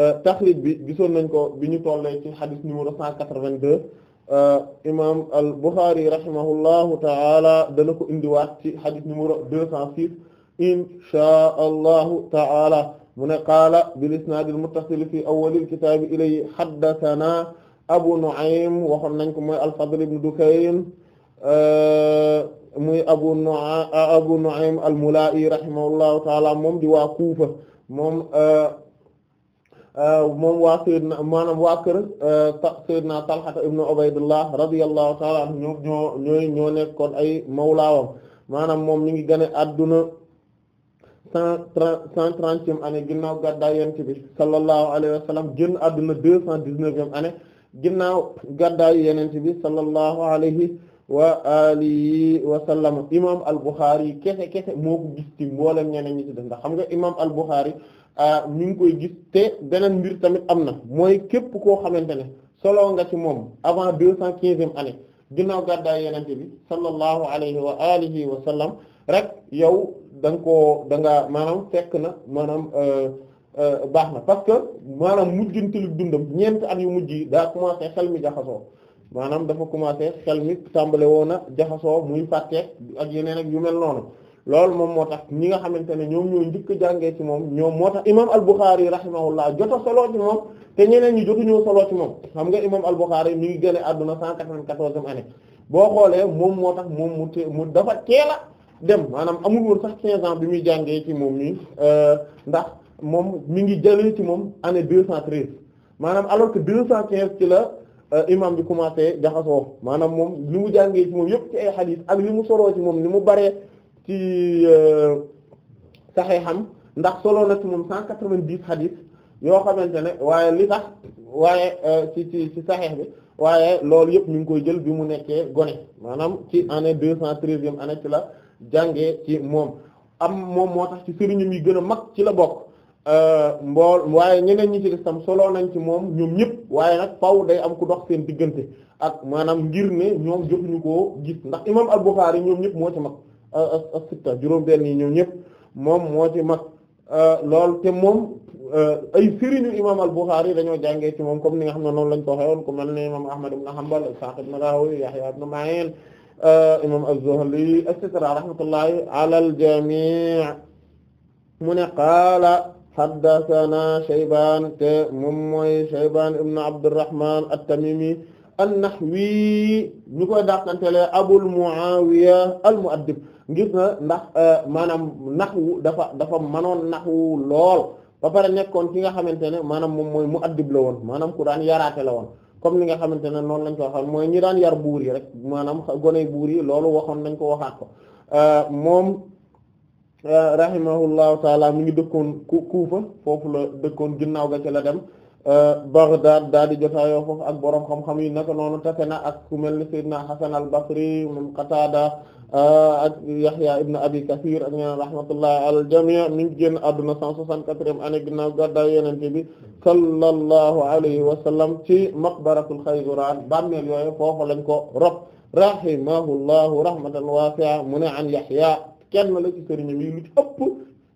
eh, taxrij bi gisoon nañ ko bi ñu tollee ci hadith numéro 182 Euh, imam al Bukhari rahimahullahu ta'ala dana ko indiwaat ci hadith numéro deux cent six inshaa allahu ta'ala mu ne qaala bil isnaad al muttasil fi awwalil kitaabi ilay haddathana Abu Nu'aym waxoon nañ ko mooy al-Fadl ibn Dukayn muy Abu Nu'aym Abu Nu'aym al-Mula'i rahimahullahu ta'ala moom di waa Kuufa moom Euh, moom waa Seydina maanaam waa kër euh, Seydina Talha ibn Ubaydullah radiyallahu ta'ala anhu ñoo ñoo ñooy ñoo nekkoon ay mawlaawam maanaam moom mi ngi gane adduna cent trente cent trentième année ginnaaw gàddaay yonent bi sallallahu alayhi wa sallam génn adduna deux cent dix-neuvième année ginnaaw gàddaay yonent bi sallallahu alayhi wa alihi wa sallam imam al-Bukhari kese kese moo ko gis ci mboolem ñeneen ñi ci def ndax xam nga imam al-Bukhari ñu ngi koy gis te beneen mbir tamit am na mooy képp koo xamante ne solo nga ci moom avant deux cent quinzième année ginnaaw gàddaay yenente bi sallallahu alayhi wa alihi wa sallam rek yow da nga koo da nga maanaam fekk na maanaam euh, euh, baax na parce que maanaam mujjantalu dundam ñeent at yu mujj yi daa commencé xel mi jaxasoo maanaam dafa commencé xel mi tàmbale woon a jaxasoo muy fàtteeg ak yeneen ak yu mel noonu loolu moom moo tax ñi nga xamante ne ñoom ñoo njëkk a jàngee ci moom ñoom moo tax imam al-Bukhari rahimahullah jot a solo ci moom te ñeneen ñi jotuñoo solo ci moom xam nga imam al-Bukhari mi ngi génne àdduna cent quatre-vingt-quatorzième boo xoolee moom moo tax moom mu te mu dafa teel dem maanaam amul woon sax quinze ans bi muy jàngee ci moom nii euh, ndax moom mu ngi jëlee ci moom année deux cent treize maanaam alors que deux cent quinze ci la Euh, imam bi commencé jaxasoo maanaam moom li mu jàngee ci moom yëpp ci ay xadiis ak li mu soloo ci moom ni mu baree ci euh, saxeexam ndax soloo na ci moom cent quatre-vingt-dix xadiis yoo xamante ne waaye li tax waaye euh, ci ci ci saxeex bi waaye loolu yëpp ñu ngi koy jël bi mu nekkee gone maanaam ci année deux cent treizième année ci la jàngee ci moom am moom moo tax ci sëriñam yi gën a mag ci la bokk Euh, mbool waaye ñeneen ñi ci des tam solo nañ ci moom ñoom ñëpp waaye nag faaw day am ku dox seen diggante ak maanaam ngir ne ñoom jotuñu koo gis ndax imam al-Bukhari ñoom ñëpp moo ci mag as-sitta benn yi ñoom ñëpp moom moo ci mag euh, lool te moom euh, ay sëriñu imam al-Bukhari dañoo jàngee ci moom comme ni nga xam ne noonu lañ ko waxee woon ku mel ne imam Ahmad ibn Hanbal Isaaq ibn Rahowi Yahya ibn cetera rahmatullahi ala al-jami' mu ne qaala haddathana Shaybaan te moom mooy Shaybaan ibn Abdurrahman at-Tamimi an-Nahwi ñu koy dàqantele Abul Muawiya al-Mu'addib ngir na ndax euh, maanaam naxwu dafa dafa mënoon naxwu lool ba pare nekkoon ki nga xamante ne maanaam moom mooy mu'addib la woon maanaam ku daan yaraate la woon comme li nga xamante ne noonu lañ ko waxoon mooy ñi daan yar buur yi rek maanaam gone buur yi loolu waxoon nañ ko waxaat ko euh, moom. Euh, rahimahullahu taala mi ngi dëkkoon ku Kufa foofu la dëkkoon ginnaaw ga ci la dem euh, Baghdad daal di jotaayoo foofu ak borom xam-xam yi naka noonu tase na ak ku mel ni Seydina Hasan al-Basri moom Qatada euh, ak Yahya ibn Abi Kathir ak ñeneen rahmatullahi alal jamii mi ngi génn àdduna 164e année ginnaaw gàddaay Yonent bi sallallahu alayhi wa sallam ci maqbaratul Khayduran bàmmeel yooyu foofu ko rahmatan wasi'a mu an Yahya kenn la ci sëriñam yi lu ci ëpp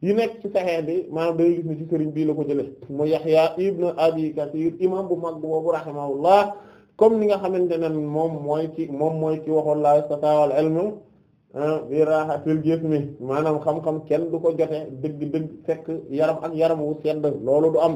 yi nekk ci saxee bi maanaam day gis ne ci sëriñ bii la ko jële mu Yahya ibn Abi Kathir imam bu mag boobu rahimahullah comme ni nga xamante ne moom mooy ci moom mooy ci waxoon la istatawal ilmu ah, bi rahatil jismi maanaam xam-xam kenn du ko jote dëgg-dëgg fekk yaram ak yaram wu sedd loolu du am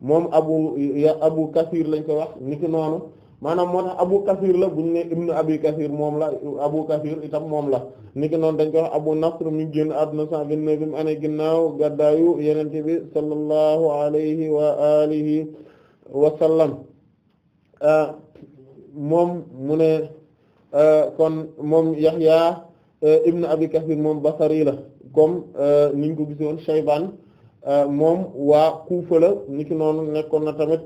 moom abu abu Kathir lañ koy wax niki noonu maanaam moo Abu Kathir la bu ñu nee Abi Kathir moom la Abu Kathir itam moom la niki noonu dañ ko wax Abu Nasr mi génn àdduna 129 année ginnaaw gàddaayu Yonent bi sallallahu alayhi wa alihi wa ah, moom mu ne ah, kon moom Yahya ah, Ibn Abi Kathir moom Basri la comme niñ ko gisoon Shayban moom waa Kufa la niki noonu nekkoon na tamit.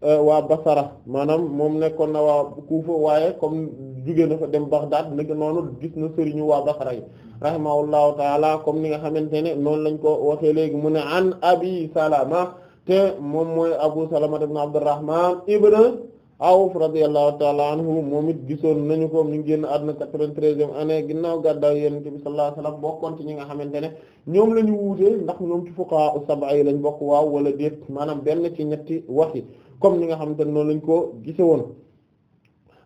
Euh, waa Basara maanaam moom nekkoon na waa Kufa waaye comme jugee fa dem Baghdad nag noonu gis na sëriñu waa Basara yi rahimahullahu taala comme ni nga xamante ne noonu lañ ko waxee léegi mu ne an Abi Salama te moom mooy Abu Salama ibn Abdurrahman ibn Awf radiyallahu taala anhu moom it gisoon nañu ko ñu génn àdduna quatre-vingt-treizième année ginnaaw gàddaay Yonent bi sallallahu alayhi wasallam bokkoon ci ñi nga xamante ne ñoom la ñu wuute ndax ñoom ci fuqaha sab'a yi lañ bokk waaw wala déet maanaam benn ci ñetti wax yi comme ni nga xamante ne noonu lañ ko gise woon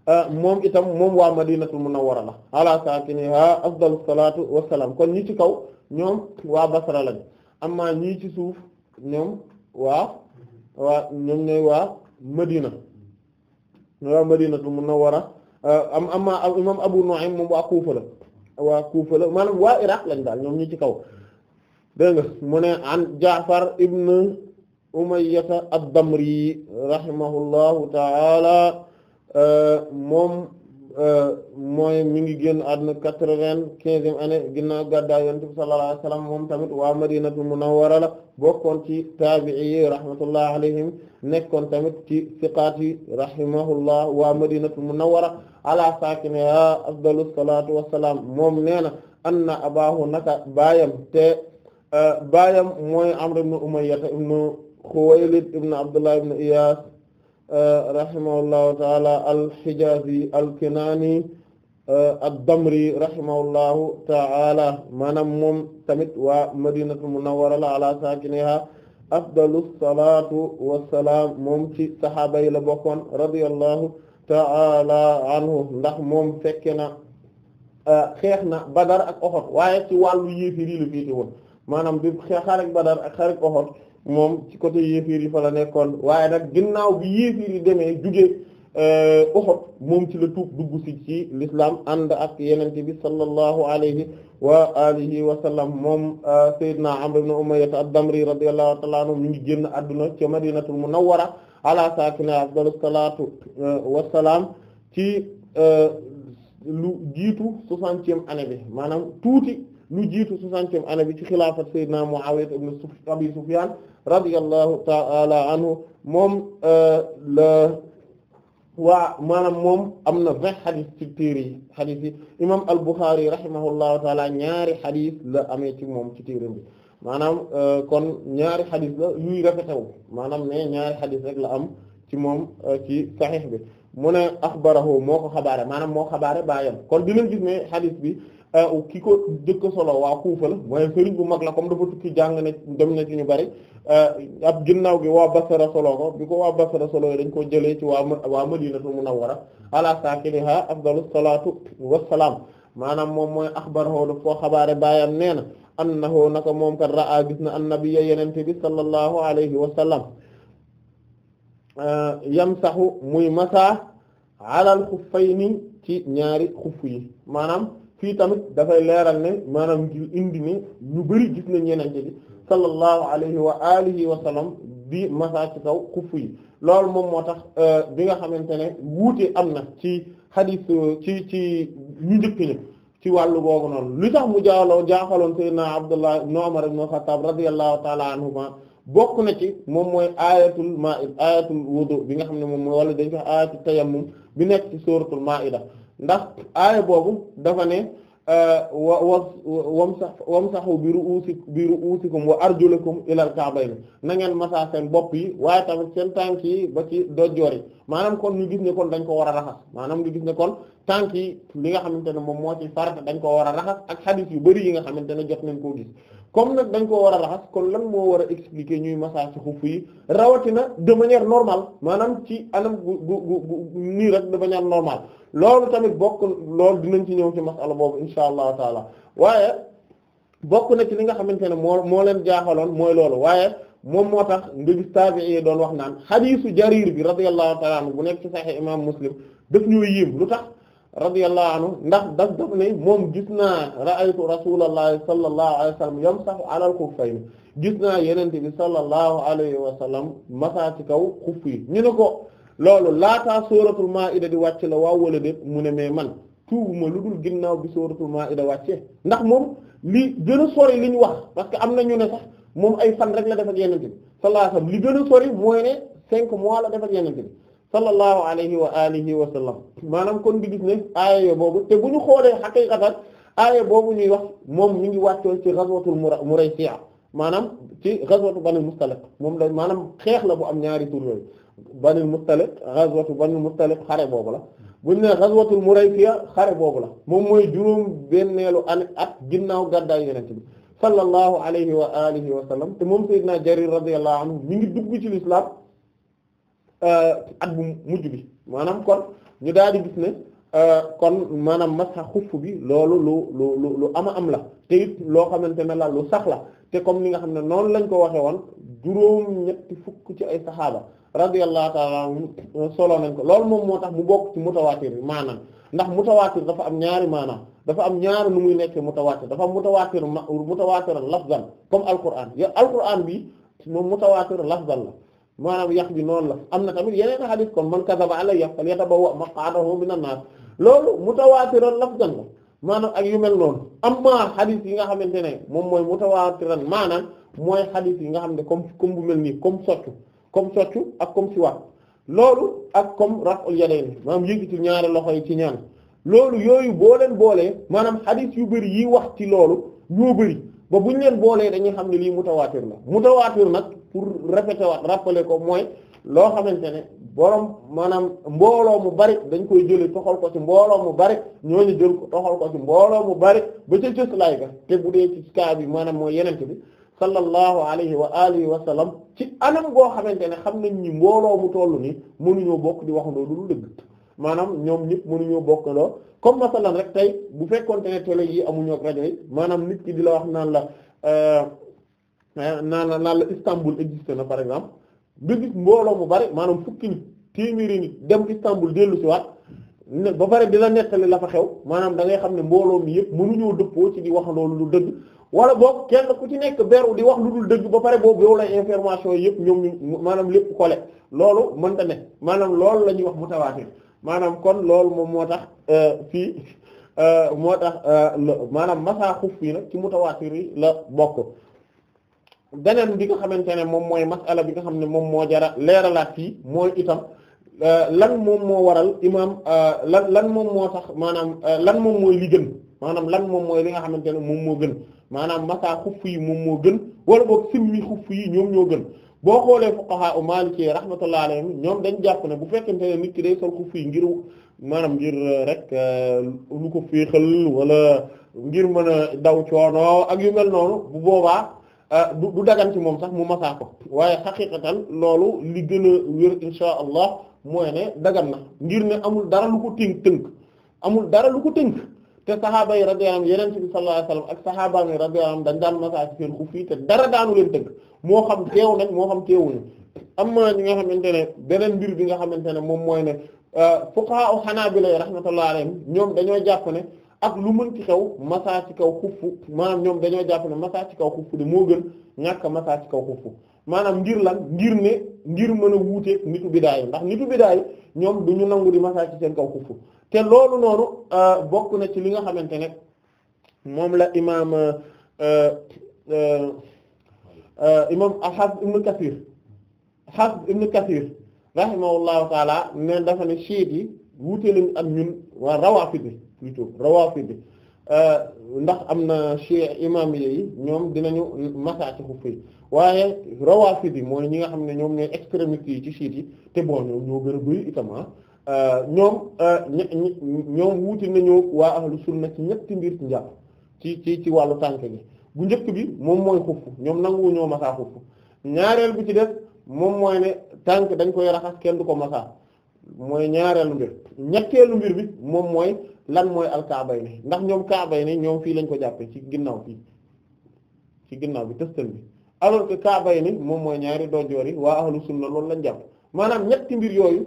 euh, moom itam moom waa madinatul munawwara la ala saakiniha afdalu salaatu wassalaam kon ñi ci kaw ñoom waa basra lañ amma ñii ci suuf ñoom waa waa ñoom na waa madina ñooy waa madinatul munawwara euh, am amma imam abu nu'aym moom waa kuufa la waa ma la maanaam waa iraq lañ daal ñoom ñi ci kaw dégg nga an jaafar ibn umayyata ad-damri rahimahullahu ta'ala euh, moom euh, mooy mi ngi génn àdduna quatre-vingt-quinzième année ginnaaw gàddaay yonent bi sallallahu alayhi moom tamit waa madinatul munawwara la ci taabi'i yi nekkoon tamit ci siqaat yi rahimahullah waa madinatul munawwara ala saakiniha afdalu salaatu wassalaam moom nee anna abaahu naka baayam te euh, baayam mooy amr ibn umayyata ibn Xuwaylid ibn Abdullah ibn Iyas uh, rahimahullahu taala al-Hijazi al-Kinani uh, ad-Damri rahimahullahu taala maanaam moom tamit waa Madinatul Munawwara la ala saakiniha afdalu salaatu wa salaam moom ci saxaaba yi la bokkoon radiyallahu taala anhu ndax moom fekke na uh, xeex na Badar ak Uhud waaye ci wàllu yéefiri la féete woon maanaam bi xeex ak Badar ak xarit Uhud moom ci côté yéefiir yi fa la nekkoon waaye nag ginnaaw bi yéefiir demee jugee euh, Uhud moom ci la tuub dugg si ci l'islam ànd ak yenente bi sallallahu alayhi wa alihi wa salaam moom euh, Seydina Amr ibn Umayyah ad-Damri radiyallahu ta'ala anhu mi ngi génn adduna ca Madinatul Munawwara ala sakina afdalu salatu euh, wa salaam ci lu jiitu soixantième année bi maanaam tuuti lu jiitu soixantième année bi ci xilaafat sayyidina Muawiya ibn Abi Sufyan radiyallahu ta'ala anhu moom euh, la waa maanaam moom am na vingt xadis ci téere yi xadis yi imam al-Bukhari rahimahullahu taala ñaari xadis la amee ci moom ci téere bi maanaam euh, kon ñaari xadis la yuy rafetew maanaam ne ñaari xadis rek la am ci moom euh, ci saxiix bi mu ne axbarahu moo ko xabaare maanaam moo xabaare baayam kon dinañ gis ne xadis bi Euh, ki ko jëkk solo waa Kuufa la waaye sëriñ bu mag la comme dafa tukki jàng na dem na ci ñu bari euh, ab ginnaaw gi waa Basra solo ko bi ko waa Basra solo dañ ko jëlee ci waa waa Madinatu Munawwara ala saakinihaa afdalus salaatu wassalaam maanaam moom mooy axbarahu daf koo xabaare baayam nee na annahu naka moom kat ra'a gis na annabiyya yenente bi sallallahu alayhi wa sallam euh, yamsahu muy masaa alal xuffayni ci ñaari xuff yi maanaam fii tamit dafay leeral ne maanaam ngir indi ne ñu bari gis nañ yenente bi sallallahu alayhi wa alihi wa sallam di masa ci kaw xuff yi loolu moom moo tax euh, bi nga xamante ne wuute am na ci xadiis ci ci ñu njëkk ci wàllu googu noonu li tax mu jaaloo jaaxaloon sayyidina Abdullah ibn Umar bokk na ci moom mooy ayatul ma'id ayatul bi nga xam ne moom mooy wala dañ ko ayatul bi nekk ci suratul ma'ida ndax aaya boobu dafa ne euh, wa wamsax wamsaxu bi ru'usikum bi ru'usikum wa arjulakum ilal ka'bayn na ngeen masaa seen bopp yi waaye tamit seen tànk yi ba ci dojjoor yi maanaam kon ñu gis ne kon dañ ko war a raxas maanaam ñu gis ne kon tànk yi li nga xamante ne moom moo ci farata dañ ko war a raxas ak xadiis yu bari yi nga xamante ne jot nañ koo gis comme nag dañ koo war a raxas kon lan moo war a expliquer ñuy massage ci xuff yi rawatina de manière normal maanaam ci anam gu gu gu nii rek de manière normale loolu tamit bokk lool dinañ ci ñëw ci masala boobu insha allah taala waaye bokk na ci li nga xamante ne moo moo leen jaaxaloon mooy loolu waaye moom moo tax nga gis tabi'i doon wax naan xadiisu jarir bi radiyallahu taala anhu bu nekk ci sahih imam muslim daf ñoo yéem lu tax radiyallahu anhu ndax daf daf ne moom gis naa ra'aytu rasulallahi sallallahu alayhi wa sallam yamsahu alal al-khuffayn gis naa yenente bi sallallahu alayhi wa sallam masaa ci kaw xuff ñu ne ko loolu laataa sóoratul maa'ida di wàcc la waaw wala déet mu ne mais man tuubuma lu dul ginnaaw bi sóoratul maa'ida wàccee ndax moom li gën a sori li ñu wax parce que am na ñu ne sax moom ay fan rek la def ak yenente bi sallallahu alayhi wa sallam li gën a sori mooy ne cinq mois la def ak bi sallallahu alayhi wa alihi wa sallam maanaam kon di gis ne aaya boobu te bu ñu xoolee xaqiiqatan aaya boobu ñuy wax moom mi ngi wàccoo ci ghazwatul Muraysi'a maanaam ci ghazwatu Banil Mustaliq moom la maanaam xeex la bu am ñaari tur yooyu Banil Mustaliq ghazwatu Banil Mustaliq xare boobu la bu ñu nee ghazwatul Muraysi'a xare boobu la moom mooy juróom benneelu an at ginnaaw gàddaay Yonent bi sallallahu alayhi wa alihi wa sallam te moom Seydina Jarir radiyallahu anhu mi ngi dugg ci l'islam at bu mujj bi maanaam kon ñu daal di gis ne euh, kon maanaam masa xuff bi loolu lu lu lu lu ama am la te it loo xamante na laal lu sax la te comme ni nga xam ne noonu lañ ko waxe woon juróom ñetti fukk ci ay saxaaba radiyallahu ta'ala anhum solo nañ ko lool moom moo tax mu bokk ci mutawaatir bi maanaam ndax mutawaatir dafa am ñaari maanaam dafa am ñaari nu muy nekkee mutawaatir dafa am mutawaatir mutawaatir lafzan comme Alquran ya Alquran bi moom mutawaatir lafzan la maanaam yàq bi noonu la am na tamit yeneen xadis comme man kadaba alayya falyatabawwa maq'adahu minan nar loolu mutawaatiran lafzan la maanaam ak yu mel noonu amma xadis yi nga xamante ne moom mooy mutawaatiran maanaam mooy xadis yi nga xam ne comme comme bu mel nii comme soccu comme soccu ak comme siwaat loolu ak comme raf'ul yadayni maanaam yëkkati ñaari loxo yi ci ñaan loolu yooyu boo leen boolee maanaam xadis yu bëri yi wax ci loolu ñoo bëri ba buñ leen boolee dañuy xam ne lii mutawaatir la mutawaatir nag. pour répéter waat rappeler ko mooy loo xamante ne borom maanaam mbooloo mu bari dañ koy jëlee toxal ko ci mbooloo mu bari ñooñu jël ko toxal ko ci mbooloo mu bari ba ca cëslaay ga te bu dee ci kaa bi maanaam mooy yenente bi sallallahu alayhi wa alihi wa sallam ci anam goo xamante ne xam nañ ni mbooloo mu toll nii mënuñoo bokk di waxandoo lu dul maanaam ñoom ñëpp mënuñoo bokkandoo comme masalan rek tey bu fekkoonte ne télé yi amuñu ak maanaam nit ki di la wax naan la euh, Eh, naan la naan la Istanbul existé na par exemple bu gis mbooloo mu bari maanaam fukki nit téeméeri nit dem Istanbul dellu si waat ne ba pare di la nettali la fa xew maanaam dangay xam ne mbooloo mi yëpp mënuñoo dëppoo ci di wax loolu lu dëgg wala boo kenn ku ci nekk beru di wax lu dul dëgg ba pare boobu yow la information yëpp ñoom ñu maanaam lépp xole loolu mënta ne maanaam lool la ñuy wax mutawaatir maanaam kon loolu moom moo tax eh, fii eh, moo tax maanaam masaa xuf nag ci mutawaatir yi la bokk beneen bi xamante ne moom mooy masala bi nga xam ne moom moo jara leeralaat fii mooy itam euh, lan moom moo waral imaam euh, lan lan moom moo tax maanaam euh, lan moom mooy li gën maanaam lan moom mooy li nga xamante ne moom moo gën maanaam masaa xuff yi moom moo gën wala boog simmi xuff yi ñoom ñoo gën boo xoolee fuqaha u maliki rahmatullahi alayhim ñoom dañ jàpp ne bu fekkente ne nit ki day sol xuff yi ngir maanaam ngir rek lu ko féexal wala ngir mën a daw coono ak yu mel noonu bu boobaa Euh, du du dagan ci moom sax mu masaa ko waaye xaqiqatan loolu li gën a wér insha allah mooy ne dagan na ngir ne amul dara lu ko tënk tënk amul dara lu ko tënk te saxaaba yi radiyallahu anhum yeneen bi sallallahu ak saxaaba yi radiyallahu anhum dañ daan masaa ci seen xuf yi te dara daanu leen tënk moo xam teew nañ moo xam teewuñu am na ñi nga xamante ne beneen mbir bi nga xamante ne moom mooy ne euh, fuqaha Hanaabila rahmatullahi alayhim ñoom dañoo jàpp ne ak lu mën ci xew masaa ci kaw xuffu maanaam ñoom dañoo jàpp masaa ci kaw xuffu de moo gën ñàkk masaa ci kaw xuffu maanaam ngir lan ngir ne ngir mën a wuuteeg nitu bidaa yi ndax nitu bidaa yi ñoom du ñu nangu di masaa ci seen kaw xuffu te loolu noonu euh, bokk na ci li nga xamante ne moom la imaam euh, euh, imaam Hafs ibn Kathir Hafs ibn Kathir rahimahullahu taala ne dafa ne chiites yi wuute lañu ak ñun waa rawaafid plutôt rawaafidi euh, ndax am na chi imam yi ñoom dinañu masaa ci xuf yi waaye bi mooy ñi nga xam ne ñoom ñooy extrémistes yi ci chiites yi te bon ñoom ñoo gën a bëri itam ah. euh, ñoom euh, ñoom wuuti nañu waa ahlu sunna ci ñetti mbir ci njàpp ci ci ci wàllu tànk gi bu njëkk bi moom mooy xuff ñoom nanguwu ñoo masaa xuff ñaareel bi ci def moom mooy ne tànk dañ koy raxas kenn du ko masaa mooy ñaareelu mbir ñetteelu mbir bi moom mooy lan mooy alkaabay ne ndax ñoom kaabay ne ñoom fii lañ ko jàppee ci ginnaaw fii ci ginnaaw bi tëstan bi alors que kaabay ne moom mooy ñaari dojoor yi waa ahlu sunna loolu lañ jàpp maanaam ñetti mbir yooyu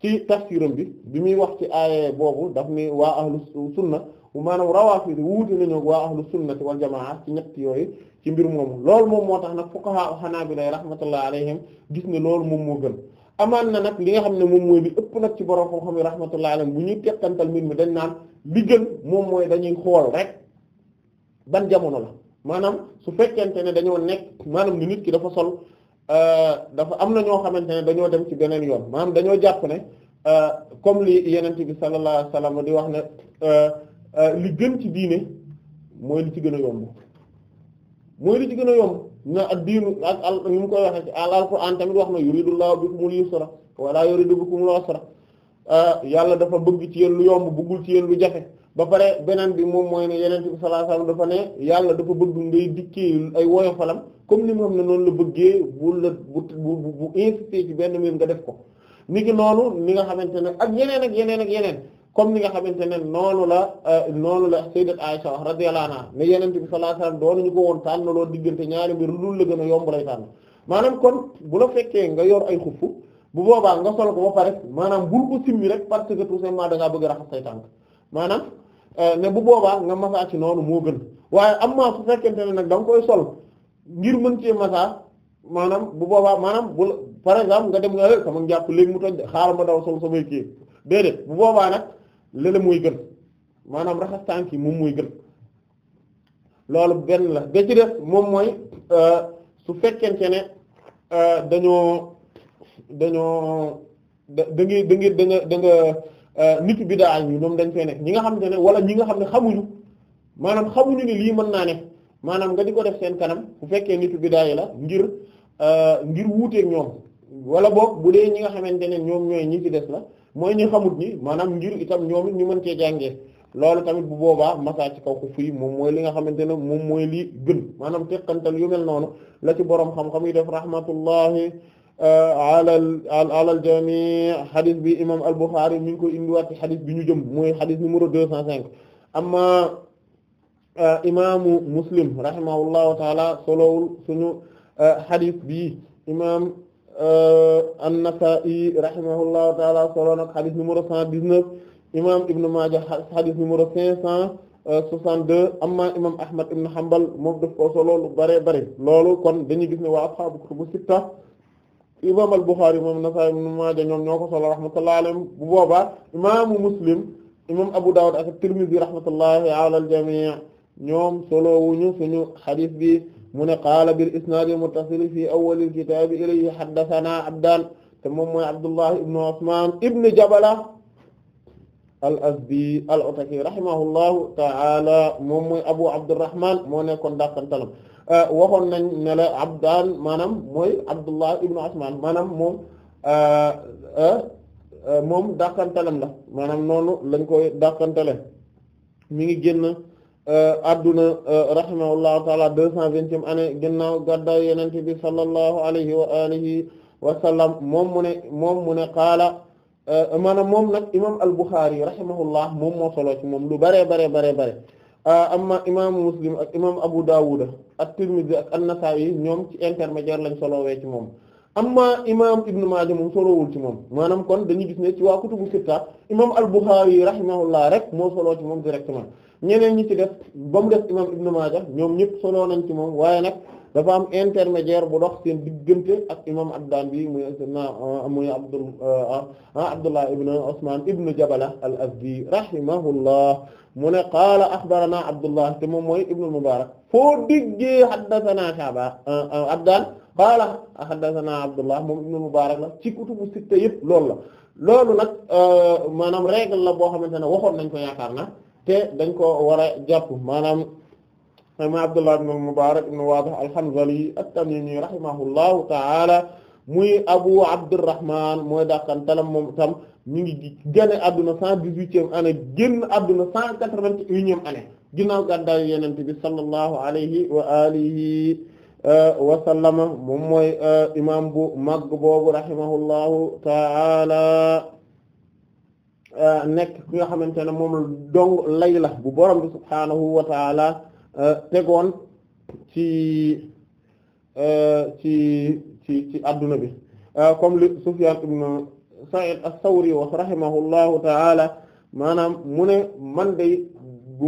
ci tafsiram bi bi muy wax ci aaya boobu daf ni waa ahlu sunna maanaam rawaafid wuute nañu waa ahlu sunnati wal jamaa ci ñett yooyu ci mbir moomu loolu moom moo tax nag fuqaha xanaa bi lay rahmatullah alayhim gis ne loolu moom moo gën amaan na nag li nga xam ne moom mooy li ëpp nag ci borom xam-xam yi rahmatullahi alayhi bu ñuy tekkantal mbir mi dañ naan li gën moom mooy dañuy xool rek ban jamono la maanaam su fekkente ne dañoo nekk maanaam ni nit ki dafa sol euh, dafa am na ñoo xamante ne dañoo dem ci beneen yoon maanaam dañoo jàpp ne euh, comme li yenent bi sallallahu alayhi di wax ne euh, li gën ci diine mooy li ci gën a yomb mooy li ci gën a yomb na ak diinu ak al ni mu koy waxee ci alquran tamit wax na yuridullahu bikumul yusra wala yuridu bikumul usra euh, yàlla dafa bëgg ci yéen lu yomb bëggul ci yéen lu jafe ba pare beneen bi moom mooy ne yeneen bi sallallahu alayhi wasallam dafa ne yàlla dafa bëgg ngay dikkee ay woyofalam comme ni mu xam ne noonu la bëggee bu la bu bu bu ci benn miin nga def ko. niki noonu ni nga xamante ne ak yeneen ak yeneen ak yeneen comme ni nga xamante ne noonu la euh, noonu la sayyidat Aisha wax radiyallahu anha ne yenente bi sallallahu alayhi wasallam ko woon tànn loolu diggante ñaari mbir lu dul la gën a kon bu la fekkee nga yor ay xuff bu boobaa nga sol ko ba pare maanaam bul ko simmi rek parce que tout simplement da ngaa bëgg a raxas maanaam euh, ne bu boobaa nga masaa ci noonu moo gën waaye am maa su nag da nga koy sol ngir mën cee masaa maanaam bu boobaa maanaam bu par exemple nga dem nga sama jàpp léegi mu toj ma daw sol samay kii déedéet bu boobaa nag lële mooy gën maanaam raxas tànk yi moom mooy gën loolu benn la ba ci def moom mooy euh, su fekkente ne euh, dañoo dañoo da da da ngay da nga da nga euh, nitu bidaa yi ñoom dañ fee ne ñi nga xamante ne wala ñi nga xam ne xamuñu maanaam xamuñu ne lii mën naa ne maanaam nga di ko def seen kanam bu fekkee nitu bidaa yi la ngir ngir wuuteeg ñoom wala boog bu dee ñi nga xamante ne ñoom ñooy ñi ci des la. mooy ñu xamut ñi maanaam ngir itam ñoom ñu mën cee jàngee loolu tamit bu boobaa massa ci kaw xuf yi moom mooy li nga xamante ne moom mooy lii gën maanaam teqantal yu mel noonu la ci boroom xam-xam yi def rahmatullahi euh, ala al jami xadis bi imam al Bukhari mi ngi koy indiwaat ci bi ñu jëm mooy xadis numéro deux cent cinq amma euh, imaamu muslim rahimahullahu taala solowul suñu xadis euh, bi imam Euh, an-Nasa'i rahimahullahu taala solo nag xadis numéro cent dix-neuf imam Ibn Maaja xadis numéro cinq cent soixante-deux amma imam Ahmad ibn Hanbal moom daf ko solo lu bare bare loolu kon dañuy gis ne waa ashaabu kutubu ñoo ko solo rahmatullahi alayhim bu boobaa imaamu Muslim imam Abu Dawud ak Tirmidhi rahmatullahi ala al ñoom solo wuñu suñu xadis bi mu ne qaala bil isnaadil muttasil fii awwalil kitaabi ilayhi haddasanaa Abdaan te moom mooy Abdullah ibn Usmaan ibn Jabala al Azdi al Ataki rahimahullahu ta'ala moom mooy Abu Abdurrahman moo nekkoon dàqantalam uh, waxoon nañ ne la Abdaan maanaam mooy Abdullah ibn Usmaan maanaam moom uh, uh, moom dàqantalam la maanaam noonu lañ koy dàqantale mi ngi génn. Euh, adduna euh, rahimahullahu taala deux cent vingtième année ginnaaw gàddaay yonent bi sallallahu alayhi wa alihi wa sallam moom mu moom mu ne qaala euh, maanaam moom nag imam al-Bukhari rahimahullah moom moo solo ci moom lu bare bare bare bare amma imaamu Muslim ak imam Abu Dawud ak Tirmidhi ak An-Nasa'i ñoom ci intermédiaire lañ solowee ci moom amma imam Ibn Maaja moom solowul ci moom maanaam kon dañuy gis ne ci waa kutubu sitta imam al-Bukhari rahimahullah rek moo soloo ci moom directement ñeneen ñi ci def ba mu def imam Ibn Maaja ñoom ñëpp soloo nañ ci moom waaye nag dafa am intermédiaire bu dox seen diggante ak imam abdaan bi muy na ah, muy abdul ah, ah, abdullah ibn Usman ibn Jabala al Azdi rahimahullah mu ne qaala axbarana abdullah te moom mooy ibn Mubarak foo diggee haddathana Sha'ba abdaan qaala haddathana Abdullah moom ibn Mubarak la ci kutubu sitta yëpp loolu la loolu nag euh, maanaam règle la boo xamante ne waxoon nañ ko yaakaar na te dañ ko war a jàpp maanaam ma Abdullah ibn Mubarak ibn Wadih al-Hanzali at-Tamimi rahimahullahu ta'ala muy Abu Abdurrahman mooy dàqan talam moom tam mi ngi génn àdduna cent dix-huitième année génn àdduna cent quatre-vingt-unième année ginnaaw gàddaay Yonent bi sallallahu alayhi wa alihi Eh, wasallama moom mooy eh, imam bu mag boobu rahimahullahu taala eh, nekk ki nga xamante ne moom dong layla bu borom bi subhaanahu wa taala tegoon ci ci ci ci adduna bi comme li Sufyan ibn Sa'id as-Sawri wax rahimahullahu taala maanaam mu ne man day bu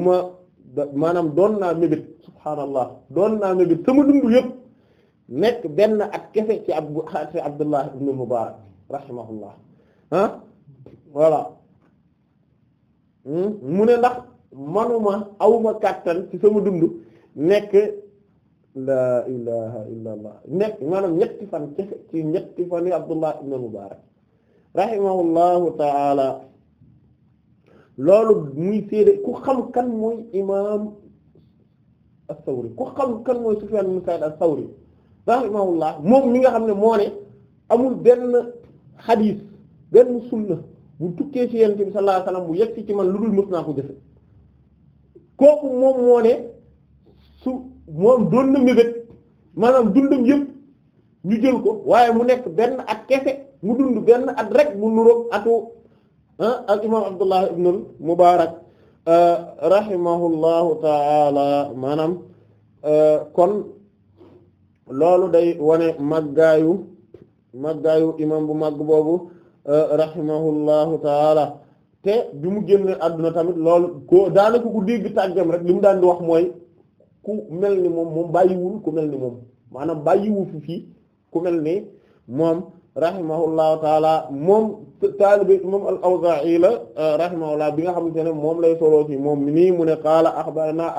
maanaam doon naa mébét subhaanallah doon naa nga gis sama dund yëpp nekk benn ak kese ci ab ci Abdullah ibn Mubarak rahimahullah ah voilà hmm? mu ne ndax manuma awma kàttan ci sama dund nekk laa ilaha illa nekk maanaam ñetti fan kese ci ñetti fan yi Abdullah ibn Mubarak rahimahullahu taala loolu muy séede ku xam kan mooy imaam as-Sawri ku xam kan mooy Sufyaan ibn Sa'iid as-Sawri rahimahullah moom mi nga xam ne moo ne amul benn xadiis benn sunna bu tukkee ci yonent bi sallallahu alayhi wasallam bu yegg ci man lu dul mës naa ko jëfe kooku moom moo ne su moom doon na mébét maanaam dundam yëpp ñu jël ko waaye mu nekk benn at kese mu dund benn at rek mu nuroog atu ak ah, imaam Abdullah ibn Mubaarak Euh, rahimahullahu taala maanaam euh, kon loolu day wane màggaayu màggaayu imam bu màgg boobu euh, rahimahullahu taala te bi mu génne àdduna tamit loolu ko daanaka ku dégg tàggam rek li mu daan di wax mooy ku mel ni moom moom bàyyiwul ku mel ni moom maanaam bàyyiwu fi fii ku mel ni moom rahimahullahu taala moom taalibe imam al-Awzaa'i la euh, rahimahullah bi nga xamante ne moom lay soloo ci moom nii mu ne qaala axbarana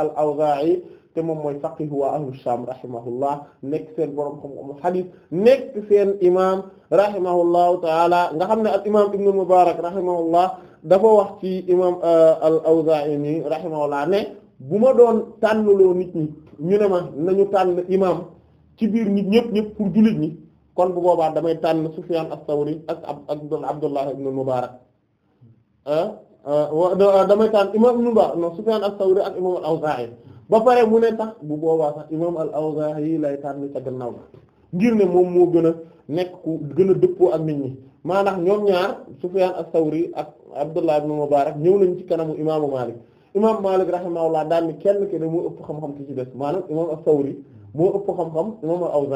moom mooy faqih waa ahlu Shaam rahimahullah nekk seen borom xam-xamu xadiis nekk seen imaam rahimahullahu taala nga xam ne al imaam Ibn Mubaarak rahimahullah dafa wax ci imaam euh, al-Awzaa'i nii rahimahullah ne bu ma doon tànnloo nit ñi ñu ne ma nañu tànn imaam ci biir nit ñëpp ñëpp pour jullit ñi. kon bu boobaa damay tànn Sufyan as-Sawri ak ak Abdullah bu al-Mubarak ah, ah, damay tànn imam ibn Mubarak non Sufyan as-Sawri ak imam al-Awza'i ba pare mu ne tax bu boobaa sax imam al-Awza'i lay tànn ca gannaaw ngir ne moom moo gën a nekk ku gën a dëppoo ak nit ñi maanaam ñoom ñaar Sufyan as-Sawri ak Abdullah ibn Mubarak ñëw nañ ci kanamu imaamu Malik imam Malik rahimahullah daal ni kenn ke ne moo ëpp xam-xam ki ci des maanaam imam as-Sawri moo ëpp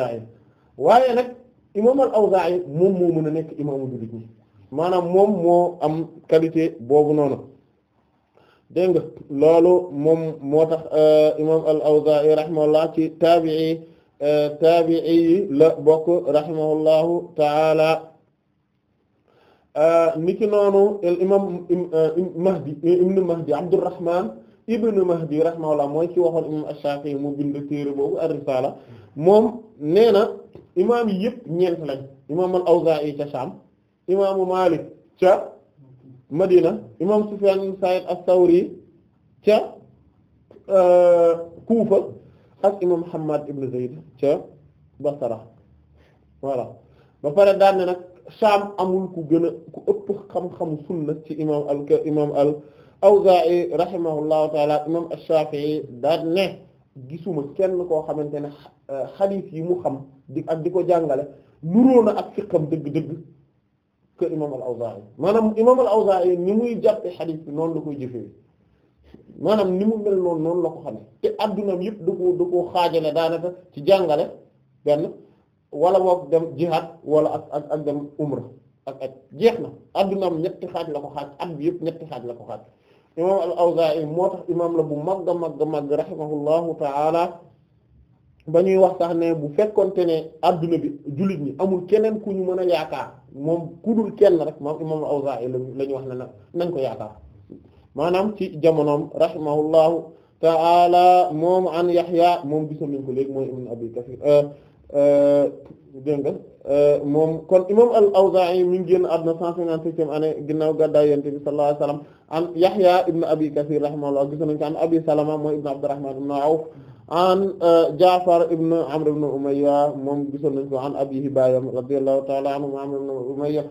xam imaam al-Awzaa'i moom moo mën a nekk imaamu jullit ñi maanaam moom moo am qualité boobu noonu dégg nga loolu moom moo tax euh, imaam al-Awzaa'i rahimahullah ci taabi'i euh, taabi'i yi la bokk rahimahullahu taala euh, niki noonu imaam Mahdi ibn Mahdi Abdurrahman ibn Mahdi rahimahullah mooy ci waxoon imaam Ash-Shafi'i mu bind téere boobu ar-Risaala moom nee na. imaam yi yëpp ñeent lañ imaam al-Awzaa'i ca Shaam imaamu Maalik ca Madina imaam Sufyaan ibn Sa'iid as-Sawri ca euh, Kuufa ak imaam Hammaad ibn Zayd ca Basra voilà ba pare daan na nag Shaam amul ku gën a ku ëpp xam-xamu sunna ci imaam al imaam al-Awzaa'i rahimahullahu ta'ala imaam ash-Shaafi'i daan ne gisuma kenn koo xamante ne euh, xadiis yi mu xam di ak di ko jàngale nuroo na ak fiqam dëgg-dëgg que imam al-Awzaa'i maanaam imam al-Awzaa'i ni muy jàppe xadiis bi noonu la koy jëfee maanaam ni mu mel noonu la ko xam te addunaam yëpp da koo da koo xaajale daanaka ci jàngale benn wala boog dem jihaad wala ak ak ak dem umra ak ak jeex na addunaam ñetti xaaj la ko xaaj at bi yëpp ñetti xaaj la ko xaaj imam al-Awzaa'i moo tax imam la bu mag magga magg rahimahullahu ta'ala ba ñuy wax sax ne bu fekkonte ne adduna bi jullit ñi amul keneen ku ñu mën a yaakaar moom ku dul kenn rek moom imam al-Awzaa'i la ñu wax ne na nañ ko yaakaar maanaam ci jamonoom rahimahullahu ta'ala moom an Yahya moom gisoon nañ ko léegi mooy ibn Abi Kathir euh, Euh, dégg nga euh, moom kon imam al-Awzaa'i mi ngi génn àdduna cent cinquante-septième année ginnaaw gàddaay Yonent bi sallallahu alayhi wa sallam an Yahya ibn Abi Kathir rahimahullah gis nañ ko an Abi Salama mooy ibn Abdurrahman ibn Awf an euh, Ja'far ibn Amr ibn Umayya moom gisoon nañ ko an abiihi baayam radiyallahu ta'ala anhu Amr ibn Umayya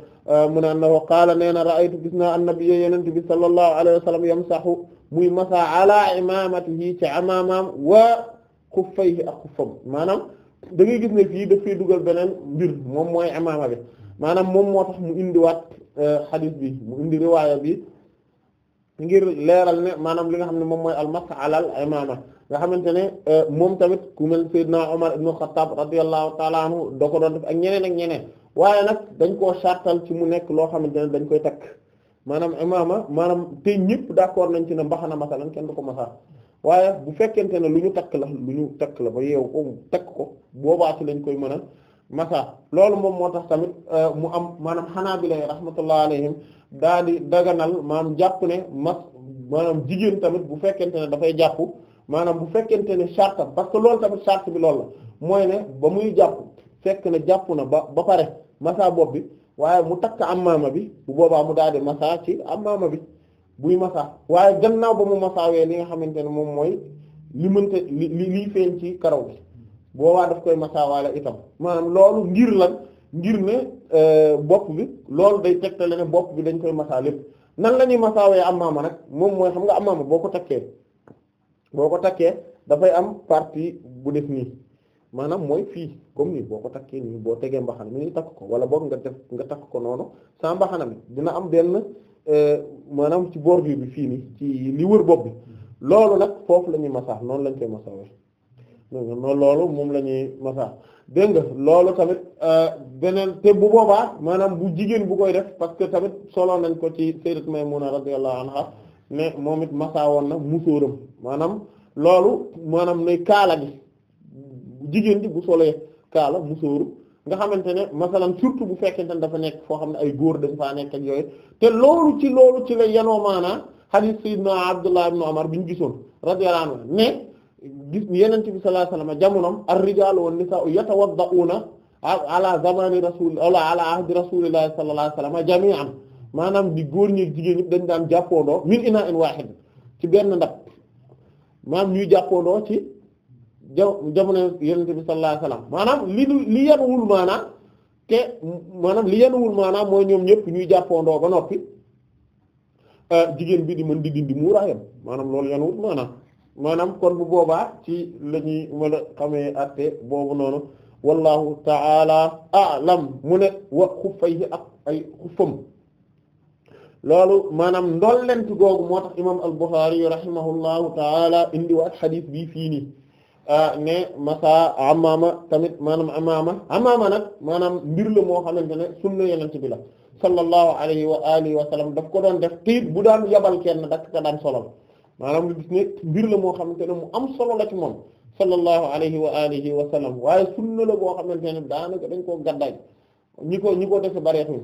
mu ne annahu qaala nee na ra'aytu gis naa annabiyya Yonent bi sallallahu alayhi wa sallam yamsahu muy masa ala imamatihi ci amaamaam wa xuffayhi ak xuffam maanaam da ngay gis ne fii daf fay dugal beneen mbir moom mooy imaama bi maanaam moom moo tax mu indiwaat euh, xadiis bi mu indi riwaaya bi ngir leeral ne maanaam li nga xam ne moom mooy almas alal imaama nga xamante ne euh, moom tamit ku mel Seydina Omar ibn Khattab radiyallahu ta'ala anhu da ko doon ak ñeneen ak ñeneen waaye nag dañ koo sartal ci mu nekk loo xamante ne dañ koy takk maanaam imaama maanaam te ñëpp d'accord nañ ci ne mbaxana masalan kenn du ko masa waaye bu fekkente ne lu ñu takk la lu ñu takk la ba yeew ko takk ko boobaa ci lañ koy mën a masa loolu moom moo tax tamit euh, mu am maanaam xanaa Hanaabila rahmatullah alayhim daal di daganal maanaam jàpp ne mas maanaam jigéen tamit bu fekkente ne dafay jàpp maanaam bu fekkente ne charte parce que loolu tamit charte bi lool la mooy ne ba muy jàpp fekk na jàpp na ba ba pare masaa bopp bi waaye mu takk am maama bi bu boobaa mu daal di masa ci amaama bi buy masaa waaye gannaaw ba mu masaawee li nga xamante ne moom mooy li mënta li liy feeñ ci karaw bi boobaa daf koy masaawaale itam maanaam loolu ngir lan ngir ne euh, bopp bi loolu day tegtale ne bopp bi dañ koy masaa lépp nan la ñuy masaawee amaama nag moom mooy xam nga am amaama boo ko takkee boo ko takkee dafay am partie bu def nii maanaam mooy fii comme nii boo ko takkee nii boo tegee mbaxana mu ngi takk ko wala boog nga def nga takk ko noonu sans mbaxana mi dina am benn Euh, maanaam ci bordure bi fii nii ci li wër bopp bi loolu nag foofu la ñuy masax noonu lañ koy masaxee noonu loolu moom la ñuy masax dégg nga loolu tamit euh, beneen te bu boobaa maanaam bu jigéen bu koy def parce que tamit solo nañ ko ci sayyidat Maymuna radiyallahu anha mais moom it masaa woon na musóoram maanaam loolu maanaam ne kaala gi jigéen ji bu solee kaala musóoru nga xamante ne masalan surtout bu fekkente ne dafa nekk foo xam ne ay góor dañ faa nekk ak yooyu te loolu ci loolu ci la yenoo maanaa hadith sayyidina Abdullah ibn Umar bi ñu gisoon radiyallahu anhu mais gis yeneen bi sallallahu alayhi wasallam jamonoom ar-rijaalu wan-nisaa'u yatawadda'una ala zamani rasul ala ala ahdi rasulillahi sallallahu alayhi wasallam jami'an maanaam di góor ñi jigéen ñi dañ daan jàppandoo min ina'in waahid ci benn ndab maanaam ñuy jàppandoo ci jamono yonent bi sallallahu alayhi li li yanuwul maanaam te maanaam li yanuwul maanaam mooy ñoom ñëpp ñuy jàppandoo ba noppi euh, jigéen bi di mën di dindi muuraayam maanaam loolu yanuwul maanaam manaam kon bu boobaa ci lañuy ñuy mën a xamee atte boobu noonu wallahu ta'ala a'lam mu ne wa xuffayhi ak ay loolu maanaam ndollent googu moo tax imam al-Bukhari rahimahullahu ta'ala indiwaat xadiis bii fii Euh, ne masa amaama tamit maanaam amaama amaama nag maanaam mbir la moo xamante ne sunna yenent bi la sallallahu alayhi wa alihi wa sallam daf ko doon def te bu daan yabal kenn dak ka daan solal maanaam lu gis ne mbir la moo xam ne mu am solo la ci moom sallallahu alayhi wa alihi wa sallam waaye sunna la boo xamante ne daanaka dañ koo gaddaaj ñi ko ñi ko defe bareetuñ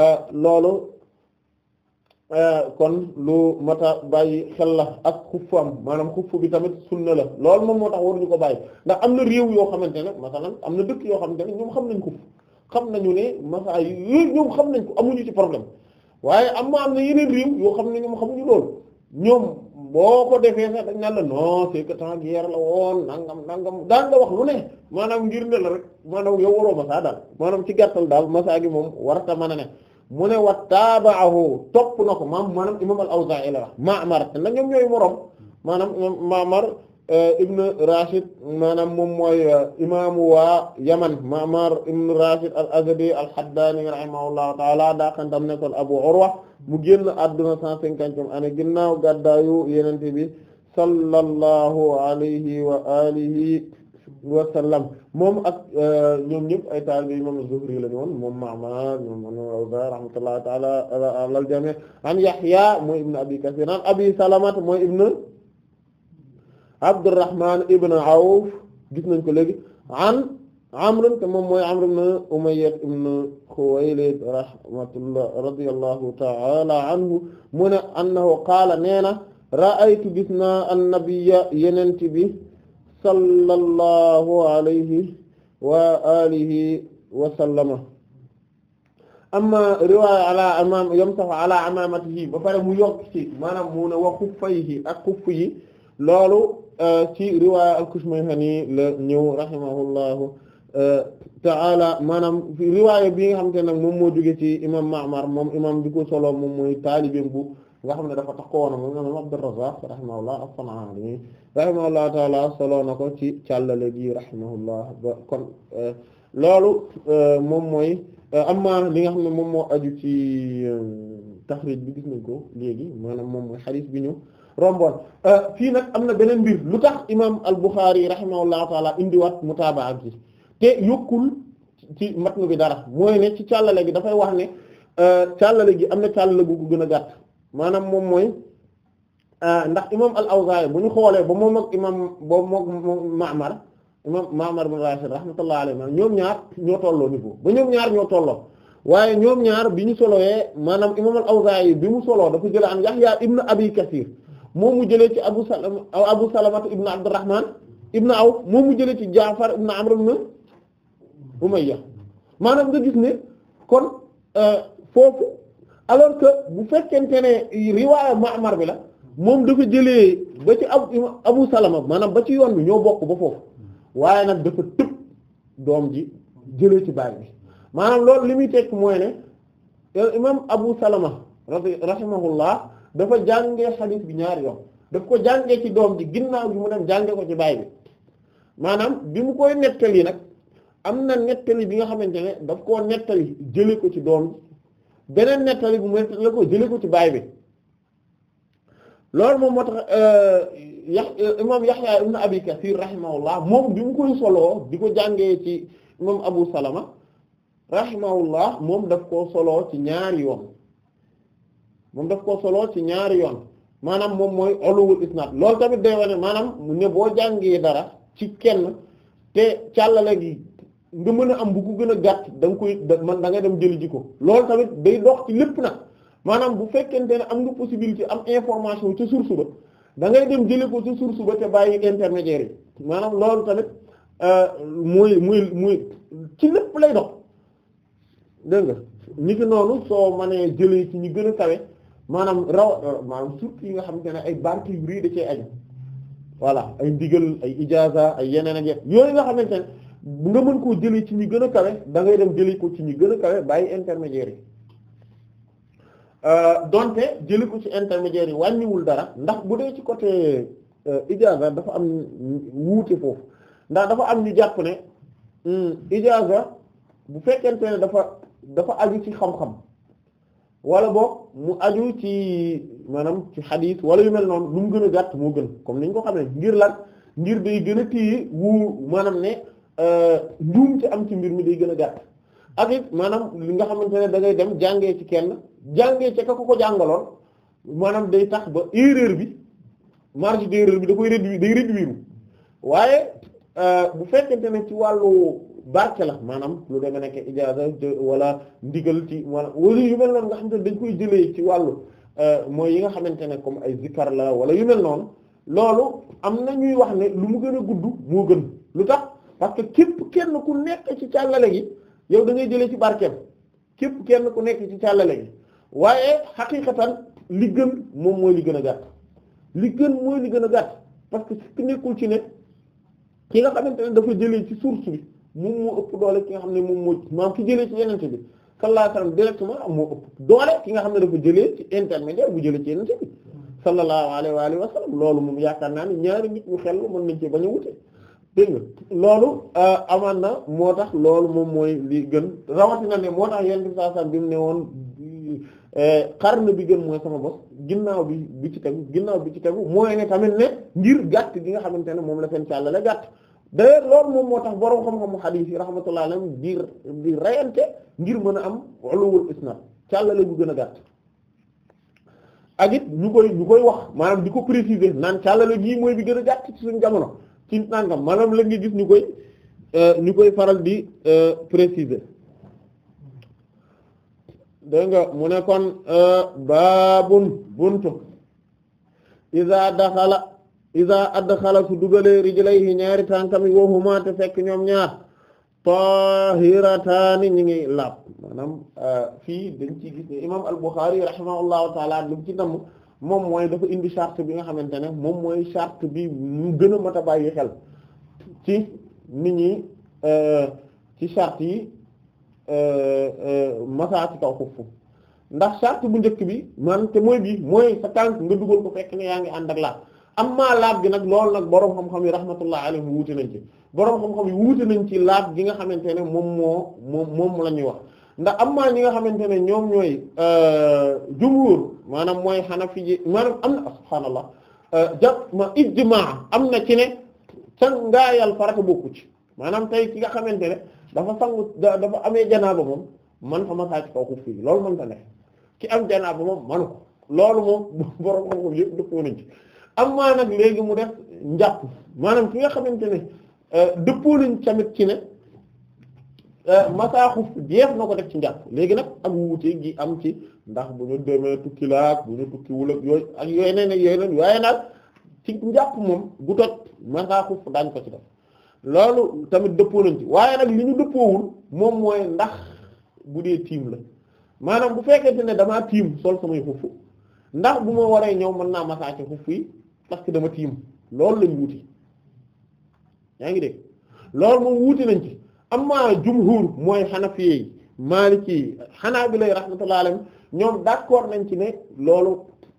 euh, loolu Euh, kon lu mata bàyyi xel la ak xuffu am maanaam xuffu bi tamit sunna la loolu moom moo tax waruñu ko bàyyi ndax am na réew yoo xamante ne masalan am na dëkk yoo xamante ne ñoom xam nañ xuf xam nañu ne masa yi ñoom xam nañ ko amuñu ci problème waaye am ma am na yeneen yoo xam ne ñoom xamuñu loolu ñoom boo ko defee sax dañ naan la non c'est que temps guerre la woon nangam nangam daan la wax lu ne maanaam ngir ne la rek maanaam yow waroo masaa daal maanaam ci gàttal daal masaa gi moom warata mën a ne mu ne wa taabaahu topp na ko maam maanaam imam al-Awzaa'i la wax Ma'mar te nag morom maanaam Ma'mar euh, ibn Rashid maanaam moom mooy euh, imaamu waa Yaman Ma'mar ibn Rashid al-Azdi al ta'ala daakantam nekkoon Abu Urwa mu génn àdduna cent cinquantième année ginnaaw gàddaayu yenente bi sallallahu alayhi wa alihi wa sallam moom ak euh, ñoom ñëpp ay taalibe imam az-Zuhri lañu woon moom Ma'mar ñoom an Awza rahmatullahi ta'ala ala al-jami' an Yahya mooy ibn Abi Kathir an Abi Salamata mooy ibn Abdurrahman ibn Awf gis nañ ko léegi an Amr te moom mooy Amr ibn Umayyah ibn Khuwaylid rahmatullah radiyallahu ta'ala anhu mu ne annahu qaala nee na ra'aytu gis naa an-nabiyya yenente bi sallallahu alayhi wa alihi wa sallama amma riwaaya ala amam yamsahu ala amamatihi ba pare mu yokk ci maanaam mu ne wa xuffayhi ak xuff loolu euh, ci riwaaya al-Kushmayhani la ñëw rahimahullahu euh, ta'ala maanaam riwaaya bi nga xamante ne nag moom moo jóge ci imam Ma'mar moom imam bi ko solo moom mooy taalibeem bu nga xam ne dafa taxawoon moom imam Abdurrazzaq rahimahullah as-San'aani rahimahullah taala soloo na ko ci càllale gi rahimahullah ba kon euh, loolu euh, moom mooy euh, amma li nga xam ne moom moo aju ci taxrij bi gis nañ ko léegi maanaam moom mooy xadiis bi ñu romboon fii nag am na beneen mbir lu tax imam al-Bukhari rahimahullah taala indiwaat mutaabaa gi te yokkul ci matnu bi dara mooy ne ci càllale gi dafay wax ne càllale gi am na càllale gu ko gën a gàtt maanaam moom mooy ah, ndax imam al-Awzaa'i bu ñu xoolee ba moom ak imam boobu moom Ma'mar imam Ma'mar ibn Rashid rahmatullahi alayhi ñoom ñaar ñoo tolloo niveau ba ñoom ñaar ñoo tolloo waaye ñoom ñaar bi ñu solowee maanaam imam al-Awzaa'i bi mu soloo dafa jëlee an Yahya ibn Abi Kathir moom mu jëlee ci Abu Salama Abu Salama ibn Abdurrahman ibn Awf moom mu jëlee ci Jaafar ibn Amr ibn Umayya maanaam nga gis ne kon euh, foofu alors que bu fekkente ne riwaaya Ma'mar bi la moom dafa jëlee ba ci ab Abu Salama maanaam ba ci yoon bi ñoo bokk ba foofu waaye nag dafa tëb doom ji jëlee ci baay bi maanaam loolu li muy tekk mooy ne euh, imam Abu Salama rahimahullah dafa jàngee xadiis bi ñaari yoon daf ko jàngee ci doom ji ginnaaw bi mu dem jànge ko ci baay bi maanaam bi mu koy yi nag am na nettali bi nga xamante ne daf koo nettali jëlee ko ci doom ji beneen nettali bu mu la ko jëlee ko ci baay bi loolu moom moo tax euh, ya euh, imam Yahya ibn Abi Kathir rahimahullah moom bi mu koy soloo di ko jàngee ci imam Abu Salama rahimahullah moom daf koo soloo ci ñaari yoon moom daf koo soloo ci ñaari yoon maanaam moom mooy uluwul isnad loolu tamit day wane maanaam ne boo jàngee dara ci kenn te càllale gi nga mën a am bu gën a gàtt da nga koy man da nga dem jëli ji ko loolu tamit day dox ci lépp nag maanaam bu fekkee ne am nga possibilité am information ca source ba dangay ngay dem jëli ko ca source ba te bàyyi intermédiaire yi maanaam loolu tamit euh, muy muy muy ci lépp lay dox dégg nga ni ki noonu soo mënee jëlee ci ñu gën a kawe maanaam raw maanaam surtout yi nga xamante ne ay banque yu rëy da cee aju voilà ay ndigal ay ijaaza ay yeneen ak yooyu nga xamante ne nga mën koo jëlee ci ñi gën a kawe dangay dem jëlee ko ci ñi gën a kawe bàyyi intermédiaire yi euh, donte jëlee ko ci intermédiaire yi wàññiwul dara ndax bu dee ci côté euh, ijaaza dafa am wuute foofu ndax dafa am ñu jàpp ne hmm, ijaaza bu fekkente ne dafa dafa aju ci xam-xam wala boog mu aju ci maanaam ci xadiis wala yu mel noonu lu mu gën a gàtt moo gën comme ni ñu ko xamee ngir lan ngir day gën a téye wu maanaam ne. njuumte euh, am ci mbir mi day gën a gàtt ak it maanaam li nga xamante ne da ngay dem jàngee ci kenn jàngee ci ka ko ko jàngaloon maanaam day tax ba erreur bi marge d'erreur bi da koy réduire day réduire waaye euh, bu fekkente ne ci wàllu barke la maanaam lu deme nekk ijaaza wala ndigal ci wala wala yu mel noonu nga xamante ne dañ koy jëlee ci wàllu euh, mooy yi nga xamante ne comme ay zikar la wala yu noonu loolu am na ñuy wax ne lu mu gën a gudd moo gën lu tax parce que képp kenn ku nekk ci càllale gi yow dangay ngay jëlee ci barkeem képp kenn ku nekk ci càllale gi waaye xaqiiqatan li gën moom mooy li gën a gàtt li gën mooy li gën a gàtt parce que si nekkul ci ne ki nga xamante ne dafa jëlee ci source bi moom moo ëpp doole ki nga xam ne moom moo maam ki jëlee ci yenente bi sallallahu alayhi wasallam directement moo ëpp doole ki nga xam ne dafa jëlee ci intermédiaire bu jëlee ci yenente bi sallallahu alayhi wa alihi loolu moom yaakaar naa ni ñaari nit ñu xel mën nañ ci bañ a dégg nga loolu euh, amaan na moo tax loolu moom mooy lii gën rawatina ne moo tax yenn saa saa bi mu ne woon euh, xarnu bi gën mooy sama bos ginnaaw bi bi ci tegu ginnaaw bi ci tegu mooy ne tamit ne ngir gàtt gi nga xamante ne moom la seen càllale gàtt d'ailleurs loolu moom moo tax borom xam-xamu xadiis yi rahmatullah alayhim di di reyante ngir mën a am ulul isnad càllale bu gën a gàtt ak it ñu koy ñu koy wax maanaam di ko préciser naan càllale gii mooy bi gën a gàtt ci suñu jamono. ci nangam maanaam la ngi gis ñu koy euh, ñu koy faral di euh, préciser dégg nga mu ne kon euh, baabun buntu iza daxala iza adxala su dugalee rijlayhi ñaari tànkami wa huma te fekk ñoom ñaar tahirataani ñi ngi laab fii dañ ci gis ne imam al-Bukhari rahimahullahu taala lu ci namm moom mooy dafa indi charte bi nga xamante ne moom mooy charte bi mu gën a mat a bàyyi xel ci nit ñi euh, ci charte yi euh, euh, masa ci kaw xuff ndax charte bu njëkk bi man te mooy bi mooy sa tànk nga dugal ko fekk ne yaa ngi ànd ak am amma laab gi nag loolu nag boroom xam-xam yi rahmatullah alayhi wuute nañ ci boroom xam-xam yi wuute nañ ci laab gi nga xamante ne moom moo moom moom la ñuy wax ndax am maa ñi nga xamante ne ñoom ñooy euh, jumhur maanaam mooy xana ji maanaam am na subhaanallah euh, jàpp ma ijmaa am na ci ne sangaayal farata bokku ci maanaam tey ki nga xamante ne dafa sangu dafa amee janaaba moom man fa masaa ci kaw xuf fii mën ta ne ki am janaaba moom manu loolu moom *laughs* borom xam-xam yëpp dëppoo nañ am maa nag léegi mu def njàpp maanaam ki nga xamante ne euh, dëppoo nañ camit ci ne Euh, masaaxuf jeex na ko def ci njàpp léegi nag ak wuute gi am ci ndax bu ñu demee tukki laak bu ak yooy ak yooyu neen ak yooyu neen waaye nag ci njàpp moom bu toj masaaxuf daañ ko ci def loolu tamit dëppoo nañ ci waaye nag li ñu dëppoowul moom mooy ndax bu dee tiim la maanaam bu fekkente ne damaa tiim sol samay xufu ndax bu ma waree ñëw mën naa masaa ci xufu yi parce que dama tiim loolu lañ wuti yaa ngi dégg loolu moom wuti nañ ci amma jumhur mooy xanafi yi maliki yi xanaabila rahmatullahi alayhim ñoom d'accord nañ ci ne loolu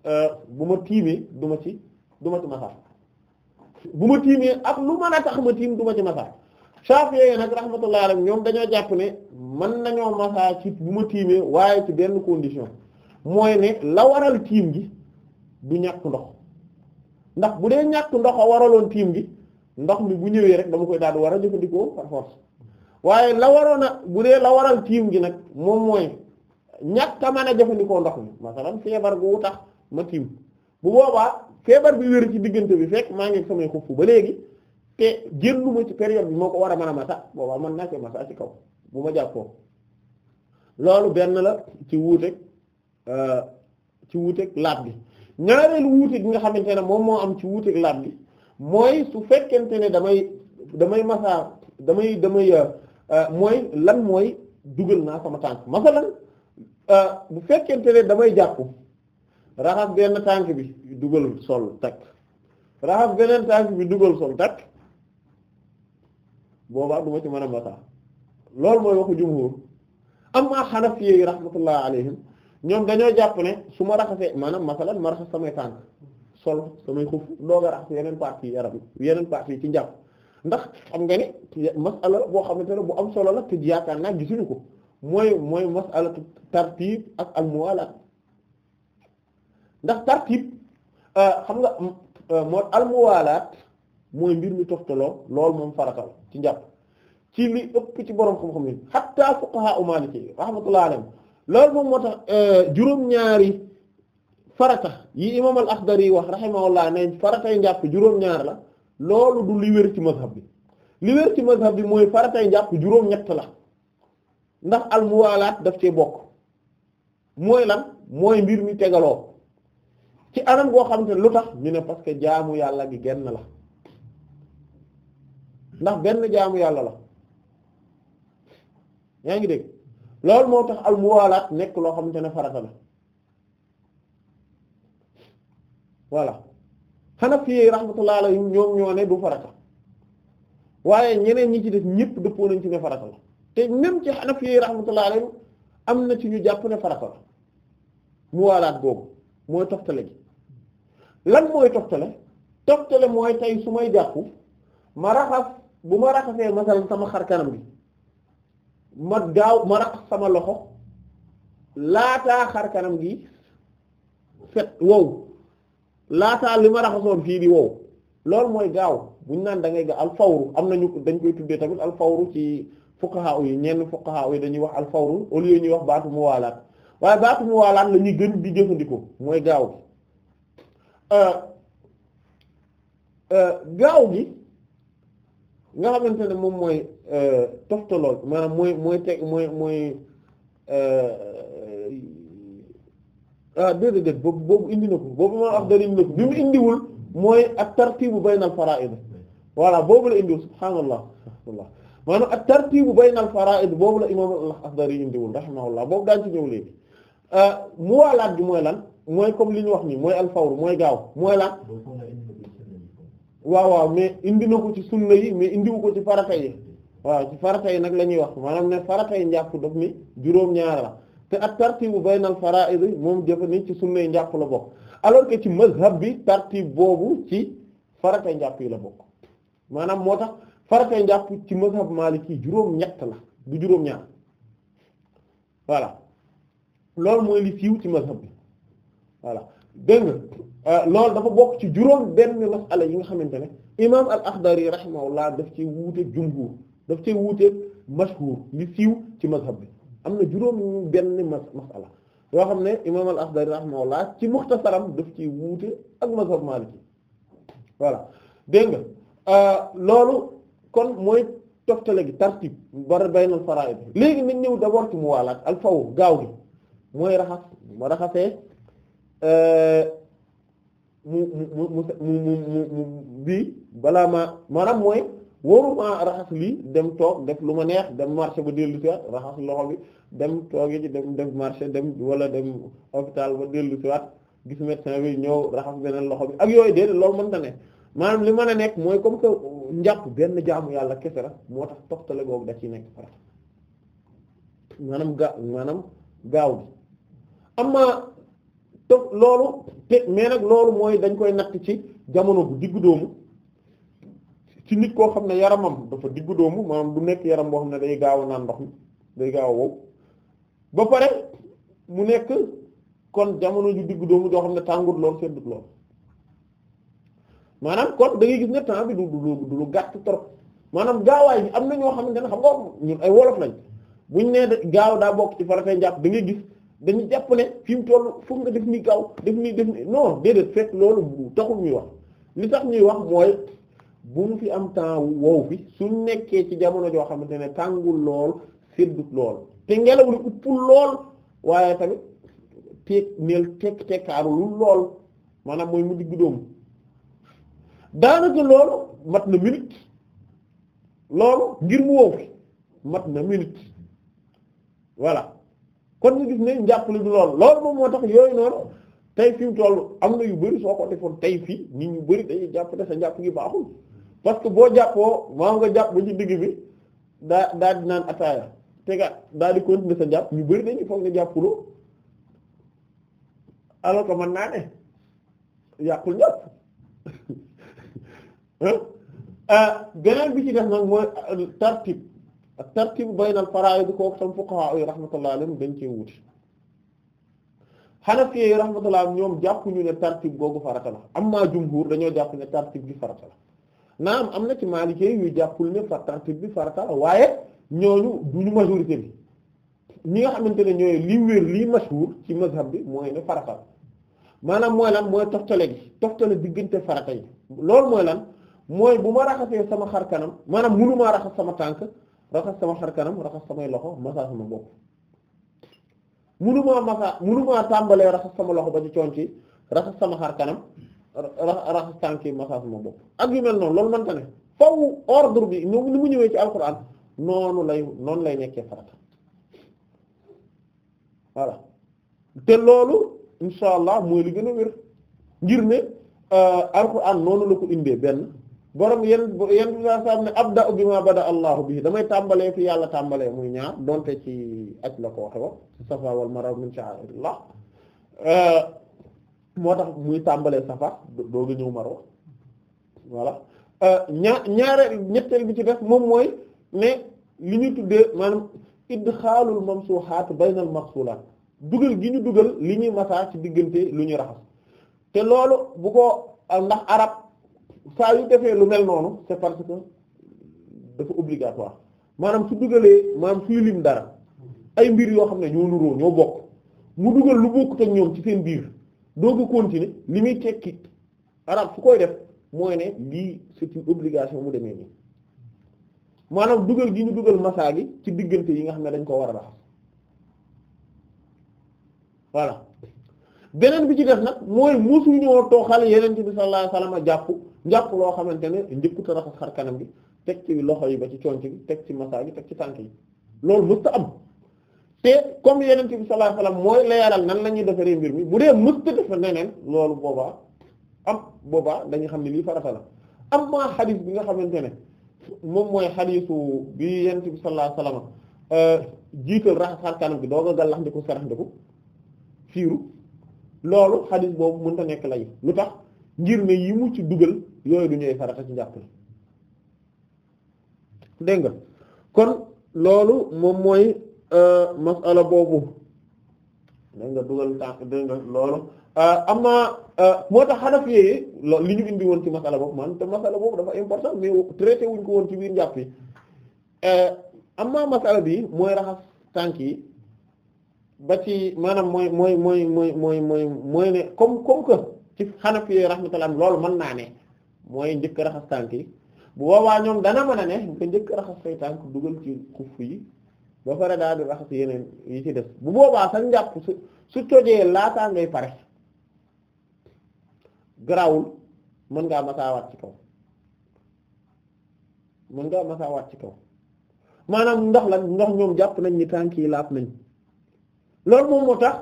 euh, bu ma tiimee du ma ci du masaa bu ma tiimee ak lu mën a tax ma tiim duma ci masaa Shafi'i yi nag rahmatullahi alayhim ñoom dañoo jàpp ne mën nañoo masaa ci bu ma tiimee waaye ci benn condition mooy ne la waral tiim gi du ñàkk ndox ndax bu dee ñàkk ndox a waraloon tiim gi ndox mi bu ñëwee rek dama koy daal di war a jëfandikoo par force waaye la waroon a bu dee la waral tiim gi nag moom mooy ñàkk a a jëfandikoo ndox mi masalan feebar gu tax ma tiim bu boobaa feebar bi wér ci diggante bi fekk maa ngi samay xufu ba léegi te génnuma ci période bi moo ko war a mën a masa boobaa mën naa ko masa ci kaw bu ma jàppoo loolu benn la ci wuuteeg euh, ci wuuteeg laab gi ñaareelu wuute gi nga xamante ne moom moo am ci wuuteeg laab gi mooy su fekkente ne damay damay masa damay damay euh, Euh, mooy lan mooy dugal naa sama tànk masalan euh, bu fekkente ne damay jàpp raxas benn tànk bi dugal sol takk raxas beneen tànk bi dugal sol takk boobaa du ma ci mën a masaa loolu mooy waxu jumhur amma Hanafiyyi yi rahmatullah alayhim ñoom dañoo jàpp ne su ma raxasee maanaam masalan ma raxas samay tànk sol samay xuf doog a raxas yeneen partie yaram yeneen partie ci njàpp ndax xam nga ne masala boo xam ne bu am solo la te yaakaar naa gisuñu ko mooy mooy masala tartib ak almuwalaat ndax tartib euh, xam nga euh, moo almuwalaat mooy mbir mi toftaloo lool moom faratal ci njàpp ci li ëpp ci boroom xam-xam yi hatta fuqaha maliki rahmatullahi alayhim loolu moom moo tax euh, juróom-ñaari farata yi imam al-Akhdari wax rahimahullah ne faratay njàpp juróom-ñaar la loolu du li ci mazhab bi li wér ci mazhab bi mooy faratay njàpp juróom ñett la ndax almuwaalaat daf cee bokk muy lan mooy mbir mi tegaloo ci anam goo xam ne lu tax ñu ne parce que jaamu yàlla gi genn la ndax benn jaamu yàlla la ñaa ngi dégg loolu moo tax almuwaalaat nekk loo xamante ne farata la voilà Hanafi rahmatullahi alayhim ñoom ñoo ne du farata waaye ñeneen ñi ci def ñëpp dëppoo nañ ci ne farata la te même ci Hanafi rahmatullahi alayhim am na ci ñu jàpp ne farata la mu waalaat boobu mooy toftale gi lan mooy toftale toftale mooy tey su may jàpp ma raxas bu ma raxasee masalan sama xar kanam bi ma gaaw ma raxas sama loxo laata xar kanam gi fet wow laataa li ma raxasoon fii di wow loolu mooy gaaw buñ naan da ngay ga alfawru am nañu dañ koy tuddee tamit alfawru ci fuqaha yi ñenn fuqaha yi dañuy wax alfawru au lieu ñuy wax baatu muwaalaat waaye baatu muwaalaat la ñuy gën di jëfandikoo mooy gaaw gi euh, euh, gaaw gi nga xamante ne moom mooy euh, toftalool maanaam mooy mooy teg mooy mooy ah déedéet boobu indi na ko boobu ma afdal indi na bi mu indiwul mooy ak tartibu baynal fara'id voilà boobu la indiwul subhaanallah subhaanallah maanaam ak tartibu baynal fara'id boobu la imaam al-Akhdari indiwul rahimahullah boobu daan ci ñëw léegi ah, muwaalaat gi mooy lan mooy comme li ñu wax nii mooy alfawru mooy gaaw mooy lan waaw waaw mais indi na ko ci sunna yi mais indiwu ko ci farata yi waaw ci farata yi nag la ñuy wax maanaam ne farata yi njàpp daf mi juróom-ñaar la te ak tartibu bu al fara'id moom jëfe ni ci sunnay njàpp la bokk alors que ci mazhab bi tartib boobu ci faratay njàpp yi la bokk maanaam moo tax faratay njàpp ci mazhab maliki juróom-ñett la du juróom-ñaar voilà loolu mooy li siiw ci mazhab bi voilà dégg nga euh, loolu dafa bokk ci juróom benn masala yi nga xamante ne imaam al-Akhdari rahimahullah def ci wuute jumhur daf ci wuute mashhur li siiw ci mazhab bi am na juróom benn mas masala yoo xam ne imam al-Akhdari rahimahullah ci muxtasaram def ci wuute ak mazhab maliki voilà dégg nga loolu kon mooy toftale gi tartib bara baynal fara'id léegi nañ ñëw d'abord ci muwaalaat al faw gaaw gi mooy raxas ma raxasee mu mu mu mu mu mu bii balaa ma maanaam mooy waruma raxas lii dem toog def lu ma neex dem marché ba dellu siwaat raxas loxo bi dem tooge ci dem dem marché dem wala dem hôpital ba dellu siwaat gis médecin bi ñëw raxas beneen loxo bi ak yooyu déedéet loolu mën na ne maanaam li mën a nekk mooy comme que njàpp benn jaamu yàlla kese la moo tax toftale boobu da ci nekk fara maanaam ga maanaam gaaw bi ma toog loolu te mais nag loolu mooy dañ koy naq ci jamono bu diggu doomu ci nit koo xam ne yaramam dafa diggu doomu maanaam du nekk yaram boo xam ne day gaaw a naan ndox mi day gaaw wow ba pare mu nekk kon jamono ju diggu doomu joo xam ne tàngut lool seddut lool maanaam da ngay gis ne bi du du gàtt trop maanaam gaawaay bi am na ñoo xamante ne xam nga ñun ay wolof lañ buñ nee gaaw daa bokk ci farata njàpp da ngay gis dañu jàpp fi mu toll foog nga def ni gaaw def ni def ni non déedéet fekk loolu taxul ñuy wax li tax ñuy wax mooy bu mu fi am temps wow fi su nekkee ci jamono joo xamante ne tàngul lool séddut lool te ngelaw li uppul lool waaye tamit teeg neel tekk tekkaarulul lool maanaam mooy mu diggu dóomu daanaka loolu mat na minute loolu ngir mu na minute voilà kon ñu gis ne njàpp lool loolu moo tax yooyu noonu tey fi mu am na yu bari soo ko defoon tey fii nit ñu bari dañuy jàpp ne sa njàpp gi baaxul parce que boo jàppoo maa nga jàpp ba ci digg bi daa daa di naan ataaya te ga daa di continuer sa jàpp ñu bari dañu foog nga jàppuloo alors que mën naa ne yàqul jàpp *laughs* euh, beneen bi ci def nag mooy euh, tartib tartib baynal faraa'id kooku tam fuqaha yi rahmatullahi alayhim dañ cee wuti Hanafi yi rahmatullahi ñoom jàppuñu ne tartib googu farata la amma jumhur dañoo jàpp ne tartib gi farata la naa am na ci maalikee yu jàppul ne fartartib bi farata waaye ñooñu duñu majorité bi ñi nga xamante ne ñooy li wér lii mashhur ci mazhab bi mooy ne farata maanaam mooy lan mooy toftale gi toftale diggante farata yi loolu mooy lan mooy bu ma raxasee sama xar kanam maanaam munu maa raxas sama tànk raxas sama xar kanam raxas samay loxo masa sama bopp munu maa masa tàmbalee raxas sama loxo ba ci coon ci raxas sama xar kanam raxas tànk yi massage moom bopp ak noonu loolu mënta ne faw ordre bi ni mu ñëwee ci alxuraan noonu lay noonu lay nekkee farata voilà te loolu insha allah mooy li gën a wér ngir ne euh, alxuraan noonu la ko indee benn borom yenn yenn saa saa ne bi ma damay tàmbalee fi yàlla tàmbalee muy ñaar donte ci aj la ko waxe wax safa wal marwa min sha'airillah euh, moo tax muy tàmbalee safar doog a ñëw maro voilà euh, ñaa ñaareel ñetteel bi ci def moom mooy ne li ñu tuddee maanaam idxaalul mamsuuhaat baynal maxsulaat dugal gi ñu dugal li ñuy masaa ci diggante lu ñuy raxas te loolu bu ko euh, ndax arab saa yu defee lu mel noonu c'est parce que dafa obligatoire maanaam su dugalee maanaam suy lim dara ay mbir yoo xam ne ñoo nuroo ñoo bokk mu dugal lu bokkut ak ñoom ci seen biir doo ko li muy tekki arab fu koy def mooy ne lii c'est une obligation mu demee nii maanaam dugal gi ñu dugal masaa gi ci diggante yi nga xam ne dañ ko war a raxas voilà beneen bi ci def nag mooy mosuñoo tooxal yeneen bi sallallahu alayhi wasallam jàpp njàpp loo xamante ne njëkkut a raxas xar kanam gi teg ci loxo yi ba ci conc gi teg ci masaa gi teg ci tànk yi loolu mësta am te comme yeneen bi sallallahu alayhi wasallam mooy nan lañuy ñuy defaree mbir mi bu dee mësta defa neneen loolu boobaa am boobaa dañu xam ne lii farata la am maa xadis bi nga xamante ne moom mooy xadisu bi yeneen bi sallallahu euh, jiital raxas kanam bi doo a gàllax ndiku sarax ndiku fiiru loolu xadis boobu mënta nekk lay lu tax ngir ne yi mu ci dugal yooyu du ñëw farata ci njàpp dégg nga kon loolu moom mooy Euh, masala boobu da nga dugal tànk da nga loolu euh, am na euh, moo tax xanaf loolu li ñu indi woon ci masala boobu man te masala boobu dafa important traité wuñ ko woon ci biir njàpp yi am na masala bi mooy raxas tànk yi ba ci maanaam mooy mooy mooy mooy mooy mooy mooy ne comme ci xanaf yee rahmatullah loolu mën naa ne mooy njëkk raxas tànk yi bu boobaa ñoom dana mën ne nga njëkk raxas say tànk dugal ci xuf yi ba pare daal di raxas yeneen yi ci def bu boobaa sax njàpp su su tojee laataa ngay pare garawul mën ngaa masaawaat ci kaw mën ngaa masaawaat ci kaw maanaam ndox la ndox ñoom jàpp nañ ni tànk yi laaf nañ loolu moom moo tax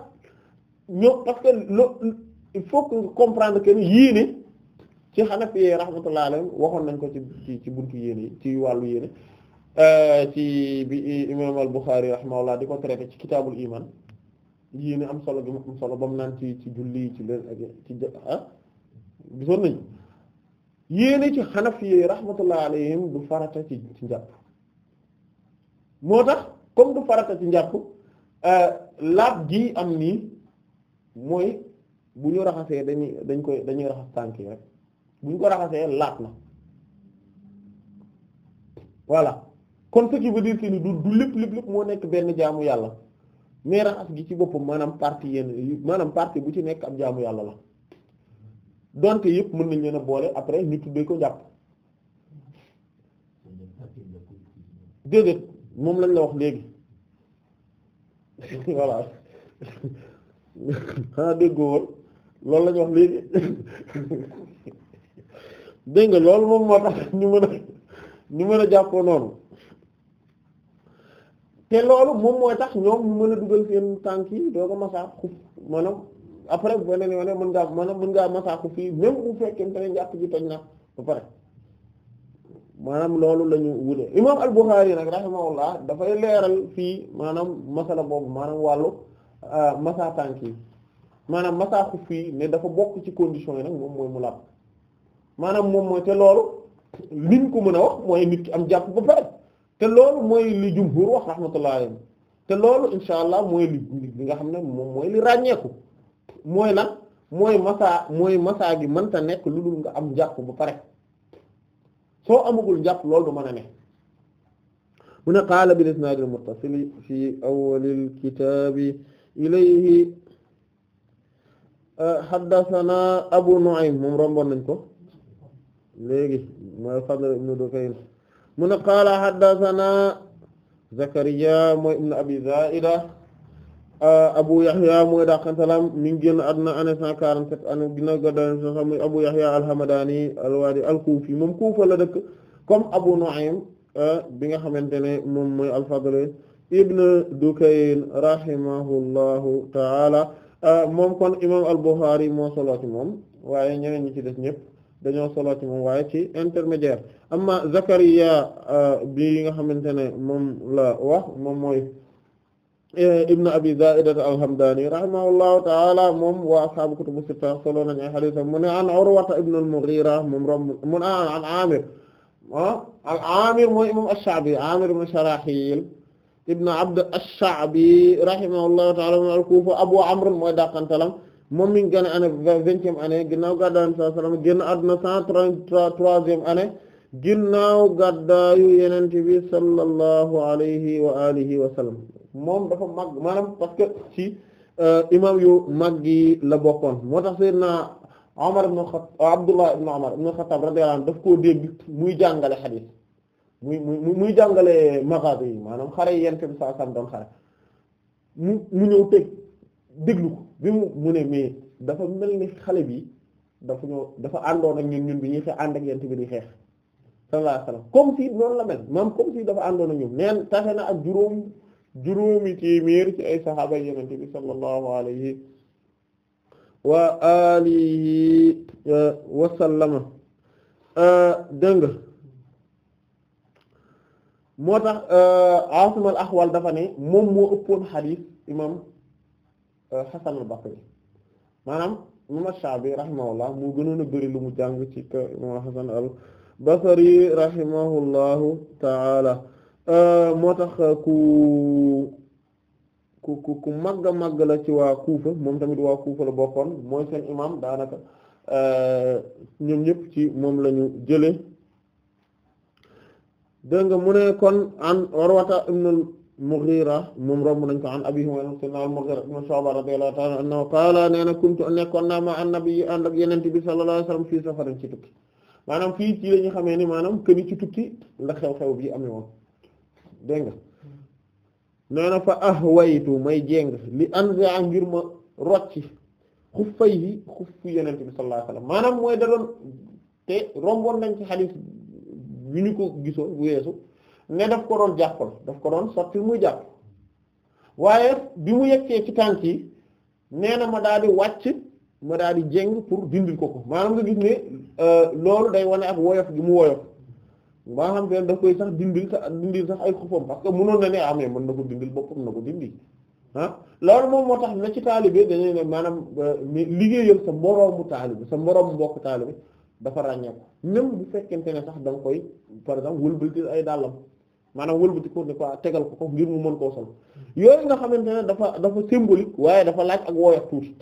ñoom parce que loo il faut que comprendre que ni yéene ci Hanafi rahmatullah alayhi waxoon nañ ko ci ci buntu yéene ci wàllu yéene Euh, ci bi imam al-Bukhari rahimahullah di ko traité ci kitaabul iman yéene am solo bi mu am solo ba mu naan ci ci julli ci leen ak ci ah gisoon nañu yéene ci xanaf yi rahmatullah alayhim du farata ci ci njàpp moo tax comme du farata ci njàpp euh, laab gi am nii mooy bu ñu raxasee dañuy dañ koy dañuy raxas tànk yi rek bu ñu ko raxasee laab na voilà kon ce qui veut dire ni du du lépp lépp lépp moo nekk benn jaamu yàlla mais raxas gi ci boppam maanaam parti yenn maanaam partie bu ci nekk am jaamu yàlla la donte yëpp mën nañ leen a boole après ñu tuddee jàpp déedéet lañ la wax léegi *laughs* voilà *laughs* xanaa déggoo woon loolu lañ wax léegi *laughs* dégg nga loolu moom moo tax ñu mën a ñu mën a jàppoo noonu te loolu moom mooy tax ñoom ñu mën a dugal seen tànk yi doo ko masaa xuf maanaam après beneen yoon mën ngaa maanaam mën ngaa masaa xuf yi même bu fekkente ne njàpp ji toj na ba pare loolu la ñu wute imaam al-Bukhari leeral fii maanaam masala boobu maanaam wàllu euh, masaa tànk yi maanaam masaa xuf yi ne dafa bokk ci condition yi nag moom mooy mu laab maanaam moom mooy te loolu liñ ko mën a wax mooy nit ki am jàpp ba pare te loolu mooy li jumhur wax rahmatullahi alayhi te loolu insha allah mooy li li nga xam ne moom mooy li ràññeeku mooy lan mooy masaa mooy masaa gi mënta nekk lu dul nga am jàpp ba pare soo amagul jàpp loolu du mën a ne mu ne qaala bil isnaadil muttasili fi awwalil kitaabi ilayhi euh, haddathana abu nu'aym moom romboon nañ ko léegi mooy Fadl ibn Dukayn mu ne qaala haddathana Zakariya mooy ibn Abi Zaida ah, Abu Yahya mooy daqan salaam mi génn àdduna année cent quarante-sept bi Abu Yahya al-Hamdani al moom Kufa la dëkk comme Abu Nu'aym ah, bi nga xamante ne moom mooy al-Fadl ibn Dukayn rahimahullahu ta'ala ah, moom kon imam al-Bukhari moo solo moom waaye ñeneen ñi ci des ñëpp dañoo solo ci moom waaye ci intermédiaire amma Zakariya euh, bi nga xamante ne moom la wax moom mooy euh, ibn abi za'idat al-hamdani rahimahullahu ta'ala moom wa ashaabu kutubu sitta solo nañu ay hadith mu ne an urwata ibn al-mughira moom al-amir ah, mooy imam ash-sha'bi amir ibn sharahil ibn abd shabi rahimahullahu ta'ala al-kufi abu amr mooy daqantalam moom mi ngi génn année vingtième année ginnaaw gàddaayu sallallahu alayhi wasallam génn àdduna cent trente-troisième année ginnaaw gàddaayu yenente bi sallallahu alayhi wa alihi wa sallam moom dafa màgg maanaam parce que ci euh, yu màgg yi la bokkoon moo tax sayyidina Umar ibn Khattab Abdullah ibn Umar ibn Khattab radiyallahu anhu daf ko dégg muy jàngale xadiis muy muy jàngale magazi yi maanaam xare yenente bi sallallahu alayhi doon xare mu ñëw teg déglu bi mu mu ne mais dafa mel ni xale bi dafa ñoo dafa àndoon ak ñun ñun bi ñu xeex ànd ak yent bi comme si noonu la mel maam comme si dafa àndoon ak ñun neen taxe na ak juróom juróomi téeméer ci ay saxaaba yonent bi sallallahu alayhi wa alihi euh, wa sallama euh, dëng moo tax euh, Asim al Ahwal dafa ne moom moo ëppoon xadiis imam Hasan al-Basri maanaam imam Ash-Sha'bi rahimahullah moo gënoon a bëri lu mu jàng ci ka imam Hasan al-Basri rahimahullahu ta'ala euh, moo tax euh, ku ku ku ku màgg la ci waa Kuufa moom tamit waa Kuufa la bokkoon mooy seen imam daanaka euh, ñoom ñëpp ci moom lañu ñu jëlee mu ne kon an Urwata ibn Mughira moom romb nañ ko an abi Humayra sayyidina al-Mughira ibn Shu'ba radiyallahu ta'ala anhu kuntu nekkoon naa ma an-nabi ànd ak yenente bi sallallahu alayhi wasallam fii safarin ci tukki maanaam fii ci la ñu xamee ni maanaam këni ci tukki la xew-xew bi amee woon dégg nga nee na fa ahwaytu may jéng li anza ngir ma rocci xuffayhi xuffu yenente bi sallallahu alayhi wasallam maanaam mooy da doon te romboon nañ ci xadiis bi ñu ko gisoo bu weesu ne daf ko doon jàppal daf ko doon sotti muy jàpp waaye bi mu yekkee ci tànk yi nee na ma daal di wàcc ma daal di jéng pour dindil ko ko maanaam nga gis ne euh, loolu day wane ak woyof gi mu woyof maa xam te ne daf koy sax dindil sax dindil sax ay xufam parce que mënoon na ne amee ah, mais na ko dindil boppam na ko dindi ah loolu moom moo tax na ci taalibe dañuy ne maanaam euh, liggéeyal sa moroomu taalibe sa moroomu mbokk taalibe dafa ràññeeku même bu fekkente ne sax da koy par exemple wëlbati ay dàllam maanaam wëlbati ko ne ko ah tegal ko ko ngir mu mën koo sol yooyu nga xamante ne dafa dafa symbolique waaye dafa laaj ak wooyax tuuti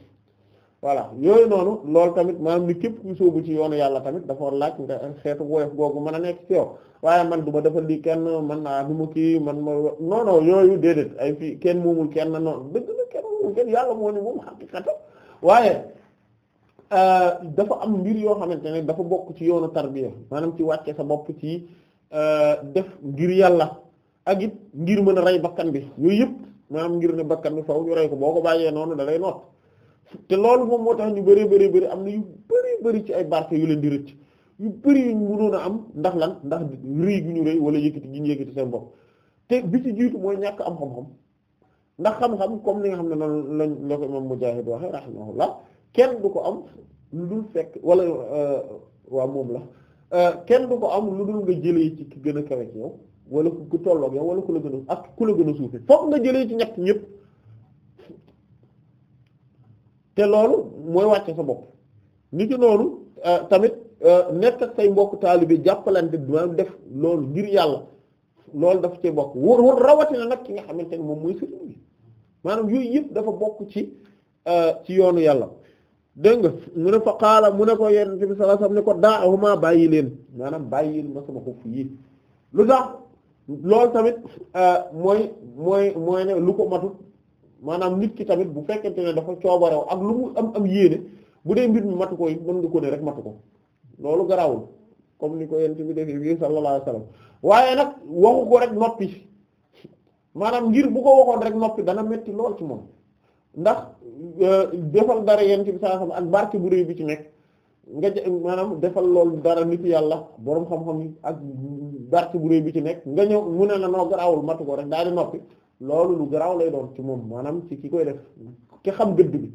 voilà yooyu noonu loolu tamit maanaam ni képp ku sóobu ci yoonu yàlla tamit dafa laaj nga xeetu woyof googu mën a nekk ci yow waaye man du ma defal lii kenn man naa du ma kii man ma non non yooyu déedéet ay fii kenn moomul kenn noonu dëgg la kenn moomul kenn yàlla moo ni moom xaqiqata waaye euh, dafa am mbir yoo xamante ne dafa bokk ci yoonu tarbiya maanaam ci wàcce sa bopp ci Euh, def ngir yàlla ak ngir mën a rey bakkan bi yooyu yëpp am ngir ne bakkan bi faaw ñu rey ko boo ko bàyyee noonu da lay noot te loolu moom moo tax ñu bëree bëri bëri am na yu bëri bëri ci ay barke yu leen di rëcc yu bëri yu mënoon a am ndax lan ndax rëy gu ñu rëy wala yëkkati gi ñu yëkkati seen bopp te bi ci jiitu mooy ñàkk am xam-xam ndax xam-xam comme li nga xam ne noonu lañ la ko imam Mujaahid waxe rahimahullah kenn du ko am lu dul fekk wala euh, waa moom la Euh, kenn du ko am lu dul nga jëlee ci ki gën a kawe ci yow wala ku tolloog yow wala ku la gën a ak ku la gën a suufe fokk nga jëlee ci ñett ñëpp te loolu mooy wàcce sa bopp ni ci noonu euh, tamit euh, nekk ak say mbokk taalibe jàppalante maanaam def loolu ngir yàlla loolu dafa cee bokk war war rawatina nag ki nga xamante ni moom mooy sëriñ bi maanaam yooyu yëpp dafa bokk ci ci yoonu yàlla dégg nga mu ne fa qaala mu ne ko yonent bi sallallahu alayhi wasallam ne ko daahuma bàyyi leen maanaam bàyyi ma sama xuff yi lu tax loolu tamit euh, mooy mooy mooy ne lu ko matut maanaam nit ki tamit bu fekkente ne dafa coobarew ak lu mu am am yéene bu dee mbir mu matu ko mën nga ko ne rek matu ko loolu garawul comme ni ko yonent bi defee bi sallallahu alayhi wasallam waaye nag waxu ko rek noppi maanaam ngir bu ko waxoon rek noppi dana metti lool ci moom ndax euh, defal dara yéen ci bisaasaam ak barke bu réy bi ci nekk nga maanaam defal loolu dara nit yàlla boroom xam-xam yi ak barke bu réy bi ci nekk nga ñëw mu ne na noo garaawul matu ko rek daal di noppi loolu lu garaaw lay doon ci moom maanaam ci ki koy def ki xam gëdd bi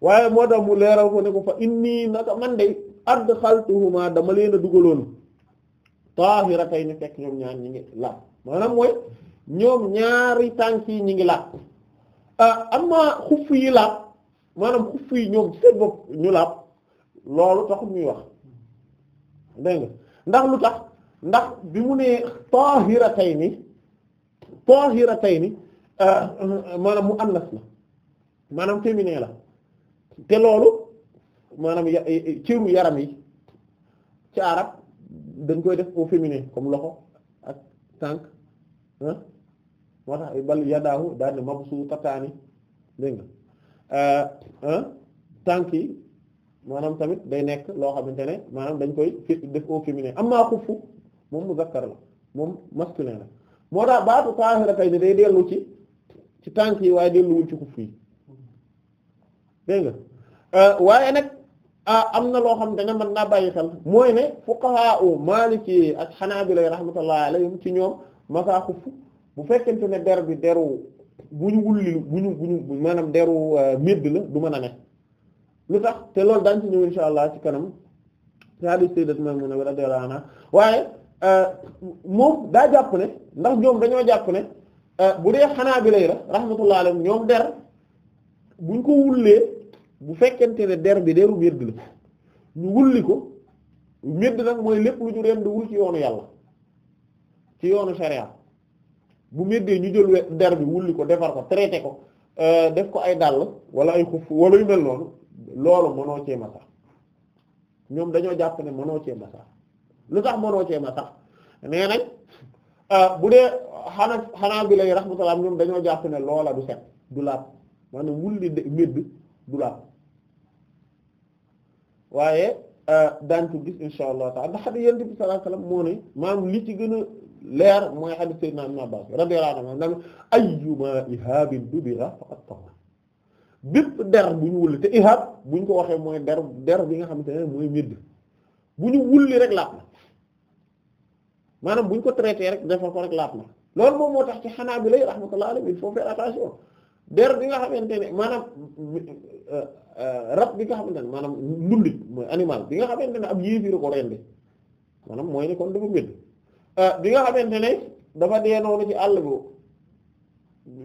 waaye moo tax mu leeral ko ne ko fa inni nag man de add xaltuhuma dama leen a dugaloon taahira tey ñu fekk ñoom ñaar ñi ngi laab maanaam mooy ñoom ñaari tànk yi ñi ngi laab. Ah, am na xuff yi laab maanaam xuff yi ñoom seen bopp ñu laab loolu taxul ñuy wax dégg ndax lu tax ndax bi mu nee ni tahiratayni ni ah, maanaam mu annas la maanaam féminin la te loolu maanaam eh, eh, cëru yaram yi ci arab dañ koy def au féminin comme loxo ak tànk ah. moo tax bal yadaahu daal di mabsuutataani dégg euh, yi maanaam tamit day nekk loo xamante ne maanaam dañ koy def au féminin amma xuffu moom muzakkar moom masculin la moo tax baatu taahira ni day dellu ci ci tànk yi waaye delluwul ci xuff yi dégg nga euh, waaye nag ah, am na loo xam ne mën naa bàyyi xel mooy ne fuqahaa u Maaliki ak Xanaabila rahmatullahi alayhim ci ñoom masaa xuffu bu fekkente ne der bi deru bu ñu wulli bu ñu bu ñu maanaam deru euh, médd la du mën a ne lu tax te loolu daañ ci ñëw insha allah ci kanam ci hadith sayyidat Maymuna radiyallahu anha waaye euh, moom daa jàpp ne ndax ñoom dañoo jàpp ne euh, bu dee xanaa bi lay ra rahmatullah alayhim ñoom der buñ ko wullee bu fekkente ne der bi deru médd la ñu wulli ko médd nag mooy lépp lu ñu rend wul ci yoonu yàlla ci yoonu sharia bu méddee ñu jël der bi wulli ko defar ko traité ko euh, def ko ay dàll wala ay xuf wala mel noonu loolu mënoo cee masax ñoom dañoo jàpp ne mënoo cee masax lu tax mënoo cee masax nee nañ euh, bu dee xana xanaa bi lay raxmatullah ñoom dañoo jàpp ne loola du set du laab maanaam wulli médd du laab waaye euh, daañ ko gis insha allah taala ndax xadi bi sallallahu alayhi wasallam moo ne maanaam li ci gën leer mooy hadith sayyidina ibn Abbas radiyallahu anhu ayyuma ihabin dubira bu ñu wulli ko waxee mooy der der bi nga xamante ne mooy médd bu ñu wulli rek laab maanaam bu ko traité rek defal ko rek laab moo tax ci xanaa bi lay rahmatullah alayhi il faut faire attention bi nga xamante ne maanaam rab bi nga xamante ne maanaam ndulli mooy animal bi nga xamante ne ab yéefiri ko rendi maanaam mooy ne kon dafa médd Ah, bi nga xamante ne dafa dee noonu ci àll bi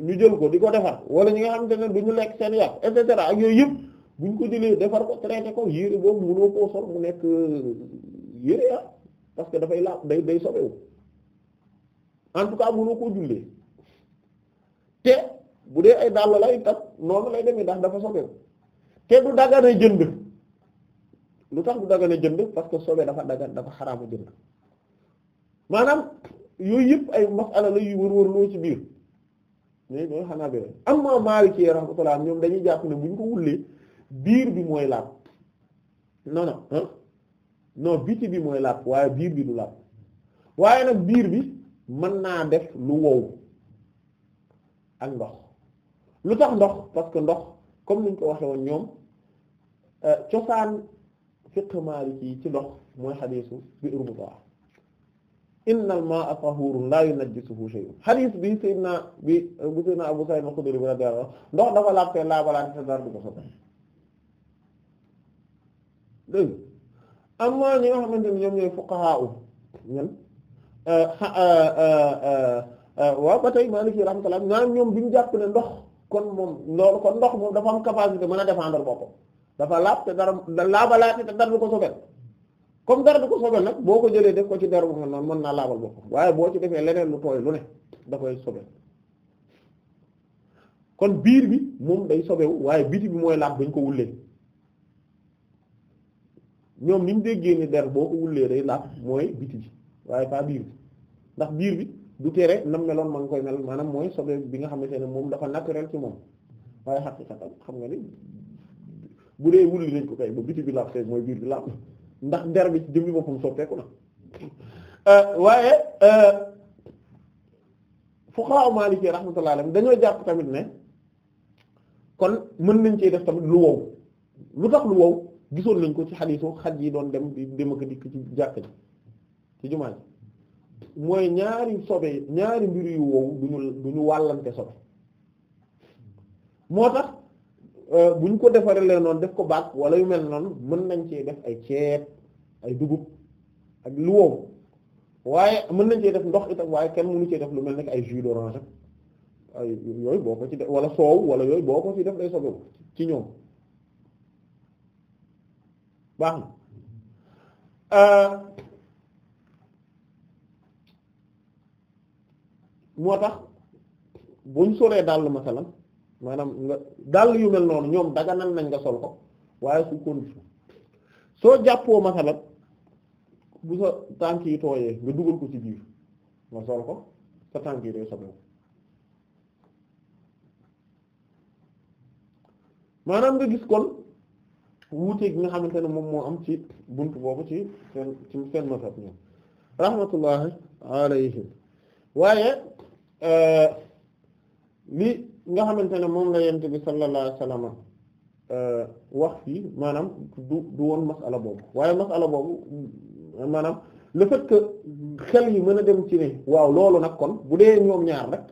ñu jël ko di ko defar wala ñi nga xamante ne du ñu lekk seen yàq et cetera ak yooyu yëpp buñ ko jëlee defar ko traité ko yére boobu mënoo koo sol mu nekk euh, yére ah parce que dafay laaj day day sobewu en tout cas mënoo koo jullee te bu dee ay dàll lay tat noonu lay demee ndax dafa sobewu te du dagana jënd lu tax du dagana jënd parce que sobe dafa dagan dafa xaraama jënd maanaam yooyu yëpp ay masala alala yu wër ci biir mais ñooy xanaa bi am na Maliki rahmatullah ñoom dañuy jàpp ne bu ñu ko wullee biir bi mooy laab non biti bi mooy laab waaye biir bi du laab waaye nag biir bi mën naa def lu wow ak ndox lu tax ndox parce que ndox comme ni ko waxee woon ñoom euh, cosaan fiqh Maliki ci ndox mooy xadiisu bi urbu innal maa'a tahuurun laa yunajjisuhu shay'un xadis bi sayyidina bi bu Abu Sa'id al ndox dafa laab te laabalaate te ñoom eh, eh, eh, ba tey Maliki bi ñu jàpp ndox kon moom loolu ndox moom dafa am mën a défendre boppam dafa laab te dara te dara du ko sotti comme dara du ko sobel nag boo ko jëlee def ko ci dara bu noonu mën naa laabal boppam waaye boo ci defee leneen lu tooy lu ne da koy sobel kon biir bi moom day sobewu waaye biti bi mooy laab bañ ko wullee ñoom ni déggee ni der boo ko mooy biti bi waaye pas biir bi ndax biir bi du tere nam meloon ma koy mel maanaam mooy sobe bi nga xamante ne moom dafa naturel ci moom waaye xaqiqatan xam nga ni bu dee wulli nañ ko kay ba biti bi laab kay mooy biir bi laab ndax der bi ci jëmmi boppam soppeeku na euh, waaye euh, fuqaha maliki rahmatullahi alayhim dañoo jàpp tamit ne kon mën nañ ci def tamit lu wow lu tax lu wow gisoon nañ ko ci xadiisu xaj yi doon dem di dem ak dikk ci jàkk ci jumaa ji mooy ñaari sobe ñaari mbir yu wow duñu duñu wàllante sobe moo tax Euh, bu ñu ko defaree leen noonu def ko baag wala yu mel noonu mën nañ cee def ay ceeb ay dugub ak lu wow waaye mën nañ cee def ndox itam waaye kenn mu mënu cee def lu mel ne ay jus d'orange ay yooyu boo ko ci def wala soow wala yooyu boo ko ci def day sobewu ci ñoom baax na euh, moo tax ñu solee dàll masalan maanaam nga dàll yu mel noonu ñoom daganal nañ nga sol ko waaye su condition soo jàppoo masalan bu sa tànk yi tooyee nga dugal ko ci biir nga sol ko sa tànk yi day maanaam nga gis kon wuute gi nga xamante ne moom moo am ci bunt boobu ci seen ci seen ñoom rahmatullahi waaye euh, li nga xamante ne moom la yent bi sallallahu alayhi wa sallam euh, wax fii maanaam du du woon masala boobu waaye masala boobu maanaam le fait que xel yi mën a dem ci ne waaw loolu nag kon bu dee ñoom ñaar rek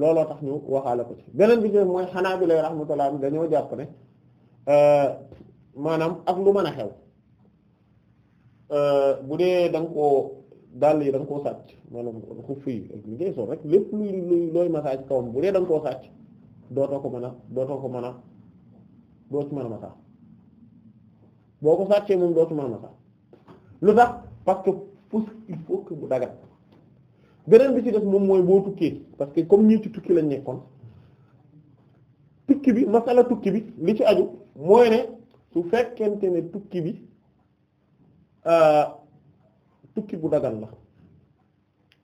looloo tax ñu waxaale ko ci beneen bi ci mooy xanaa bi lay rahmatullah dañoo jàpp ne euh, maanaam ak lu mën a xew euh, bu dee da ko dàll yi da koo sàcc maanaam xuf yi li ngay sol rek lépp luy luy looy masaa ci kawam bu dee ko mën a dootoo ko mën a mën a masaa ko sàccee moom doo ci lu tax parce que pousse il faut bu dagat beneen bi ci def moom mooy boo tukkee parce comme ñii ci tukki lañ nekkoon tukki bi masala tukki bi li ci aju mooy ne su fekkente ne tukki bi euh, tukki bu dagal la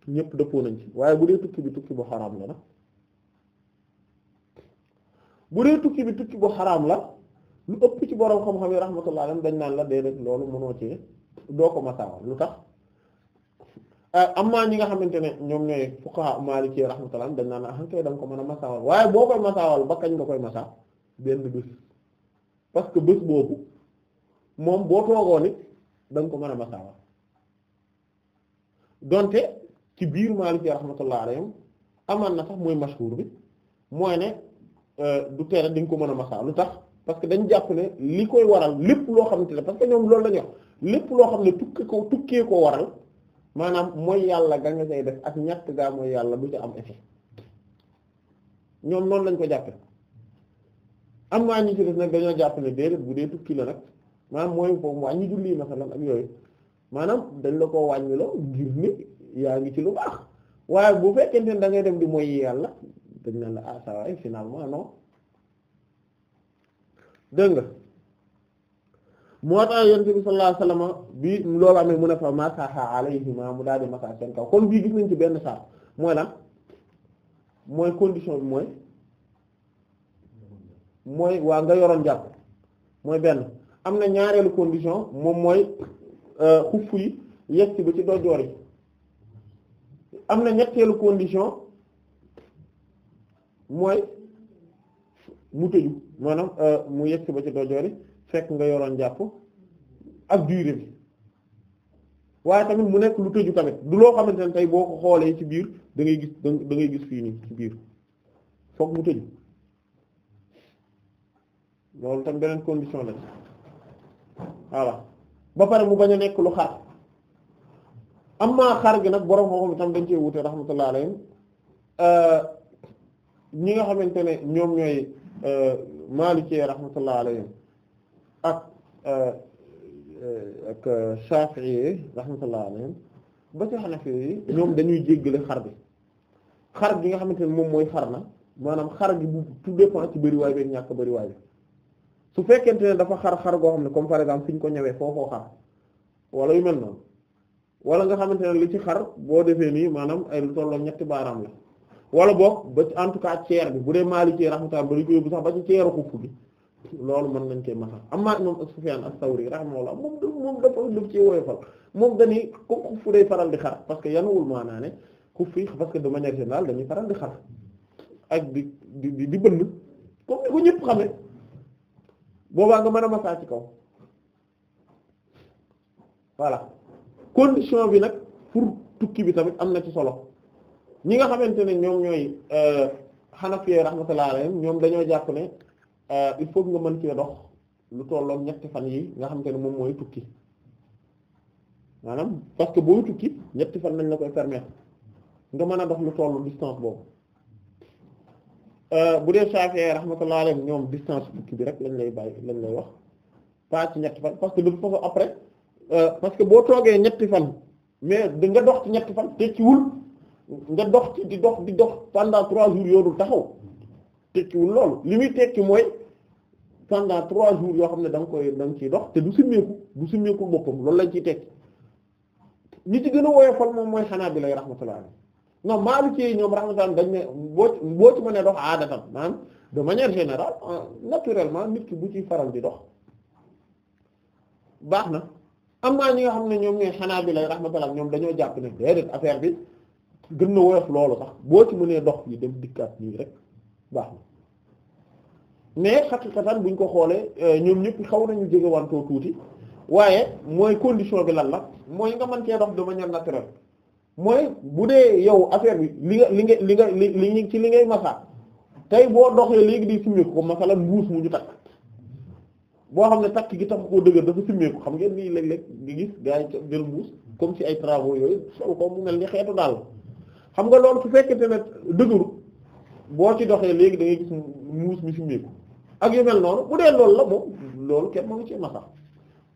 ñépp dëppoo nañ ci waaye bu dee tukki bi tukki bu xaraam la na bu dee tukki bi tukki bu xaraam la lu ëpp ci borom xam-xam yi rahmatullah alayhim dañ naan la déedéet loolu mënoo ci doo ko masaawal lu tax eh, am na ñi nga xamante ne ñoom ñooy fuqaha maliki rahmatullah dañ naan la ah, kay da ko mën a masaawal waaye boo koy masaawal ba kañ nga koy masa benn bés parce que boobu moom boo toogoon it da ko mën a masaawal donte ci biir Maalik rahmatullahi alayhim amaan na sax mooy mashhuur bi mooy ne euh, du tere dañ ko mën a masaa lu tax parce que dañ jàpp ne li koy waral lépp loo xamante ne parce que ñoom loolu la ñu lépp loo xam ne tukkee ko tukkee ko waral maanaam yàlla ga nga say def ak ñàkk gaa mooy yàlla du ca am effet ñoom noonu lañ ko jàppe am naa ñu ci def nag dañoo jàpp ne déedéet bu dee tukki la nag maanaam mooy foofu waa ñu julli masalan ak yooyu maanaam dañ la koo wàññiloo ngir ni yaa ngi ci lu baax waaye bu fekkente ne da ngay dem di mooy yàlla dañ naan la ah ça va finalement nga moo tax yonent bi sallallahu alayhi wasallam bi loolu amee mu ne fa masaha alayhima mu daal di masaha seen kaw kon bii gis nañ ci benn saar mooy lan mooy condition bi mooy mooy waa nga yoroon jàpp mooy benn am na ñaareelu condition moom mooy. Euh, xuff yi yegg ba ci dojoor yi am na ñetteelu condition mooy mu tëju maanaam euh, mu yegg ba ci dojoor yi fekk nga yoroon jàpp ak durée bi waaye tamit mu nekk lu tëju tamit du loo xamante ne tey boo ko xoolee ci biir da ngay gis da ngay gis fii nii ci biir fokk mu tëju loolu tam beneen condition la voilà ba pare mu bañ a nekk lu xar am naa xar gi nag borom xam tam dañ cee wute rahmatullah alayhim euh, ñi nga xamante ne ñoom ñooy euh, Maliki rahmatullah alayhim ak euh, ak Shafi'i rahmatullah alayhim ba ci Hanafi yi ñoom dañuy jéggale xar bi xar gi nga xamante ne moom mooy xar na maanaam xar gi bu tout dépend ci bëriwaay bi ak ñàkk bëriwaay bi su fekkente ne dafa xar xar goo xam ne comme par exemple fi ñu ko ñëwee foofoo xar wala yu mel noonu wala nga xamante ne li ci xar boo defee nii maanaam ay lu tolloo ñetti baaraam la wala boog ba en tout cas ceer bi bu dee Maliki rahmatullah ba di ko yóbbu sax ba ci ceeru xupp bi loolu mën nañ koy matal amma moom Sufyan as-Sawri rahimahullah moom moom dafa dëf ci woyofal moom dañuy comme xuff day faral di xar parce que yanuwul maanaa ne xuff yi parce que de dañuy faral di xar ak di di di bënn comme ni ko ñëpp boobaa nga mën a masaa ci kaw voilà condition bi nag pour tukki bi tamit am na ci solo ñi nga xamante ne ñoom ñooy xanafiyee euh, rahmatullah alayhim ñoom dañoo jàpp ne euh, il faut nga mën cee dox lu tollook ñetti fan yi nga xamante ne moom mooy tukki maanaam parce que boo tukki ñetti fan lañ la koy permettre nga mën a dox lu tollu distance boobu Euh, bu dee Shafi'i rahmatullah alayhi ñoom distance bukki bi rek lañ lay bàyyi lañ lay wax paa ci ñetti fan parce que de toute façon après euh, parce que boo toogee ñetti fan mais da nga dox ci ñetti fan tekkiwul nga dox ci di dox di dox pendant trois jours yoodul taxaw tekkiwul loolu li muy tekki mooy pendant trois jours yoo xam ne da nga koy da nga ciy dox te du simmeeku du simmeeku boppam loolu lañ ciy tekki ñi ci gën a woyofal moom mooy xanaa bi lay rahmatullah ñoom Maliki yi ñoom rahmatullahi dañ ne boo boo ci mënee dox aadatam maanaam de manière générale naturellement nit ki bu ciy faral di dox baax na am naa ñi nga xam ne ñoom ñooy xanaa bi lay rahmatullah ñoom dañoo jàpp ne déedéet affaire bi gën na woyof loolu sax boo ci mënee dox yi dem dikkaat nii rek baax na mais xaqiqatan buñ ko xoolee euh, ñoom ñëpp xaw nañu jege wantoo tuuti waaye mooy condition bi lan la mooy nga mën cee dox de manière naturelle mooy bu dee yow affaire bi li nga li nga li nga li li ci li ngay masa tey boo doxee léegi di simmeeku ko la mbuus mu ñu takk boo xam ne takk gi tax koo dëgër dafa simmeeku xam ngeen nii léeg lekk di gis gaa yi jël mbuus comme si ay travaux yooyu sol ko mu mel ni xeetu daal xam nga lool su fekkente ne dëgëru boo ci doxee léegi da ngay gis mbuus mi simmeeku ak yu mel noonu bu dee loolu la moom loolu kenn moo ngi ci masa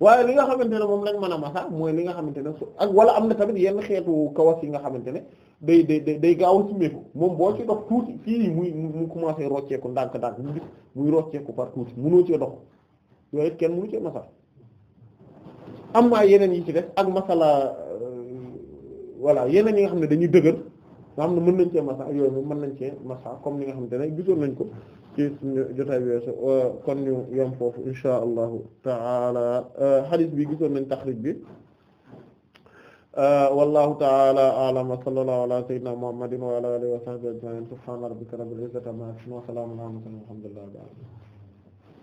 waaye li nga xamante ne moom lañ mën a masa mooy li nga xamante ne ak wala am na tamit yenn xeetu kawas yi nga xamante ne day day day day moom boo ci dox tuuti fii muy commencé rocceeku ndànk-ndànk muy rocceeku par tuuti cee dox yooyu it kenn mënu cee masa am na yeneen yi ci def ak masala euh, voilà yeneen yi nga xam ne dañuy dëgër nga xam ne mën nañ cee masa yooyu moom mën nañ cee masa comme li nga xamante ne gisoon nañ ko ci suñu jotaay bi weesu kon ñu yom foofu insha allahu taala euh, bi gisoon nañ taxrij bi euh, wallahu taala a'lam wa sallallahu ala sayyidina muhammadin wa ala alihi wa sahbihi ajma'in subhana rabbika rabbil izzati amma yasifun wa salamun ala al mursalin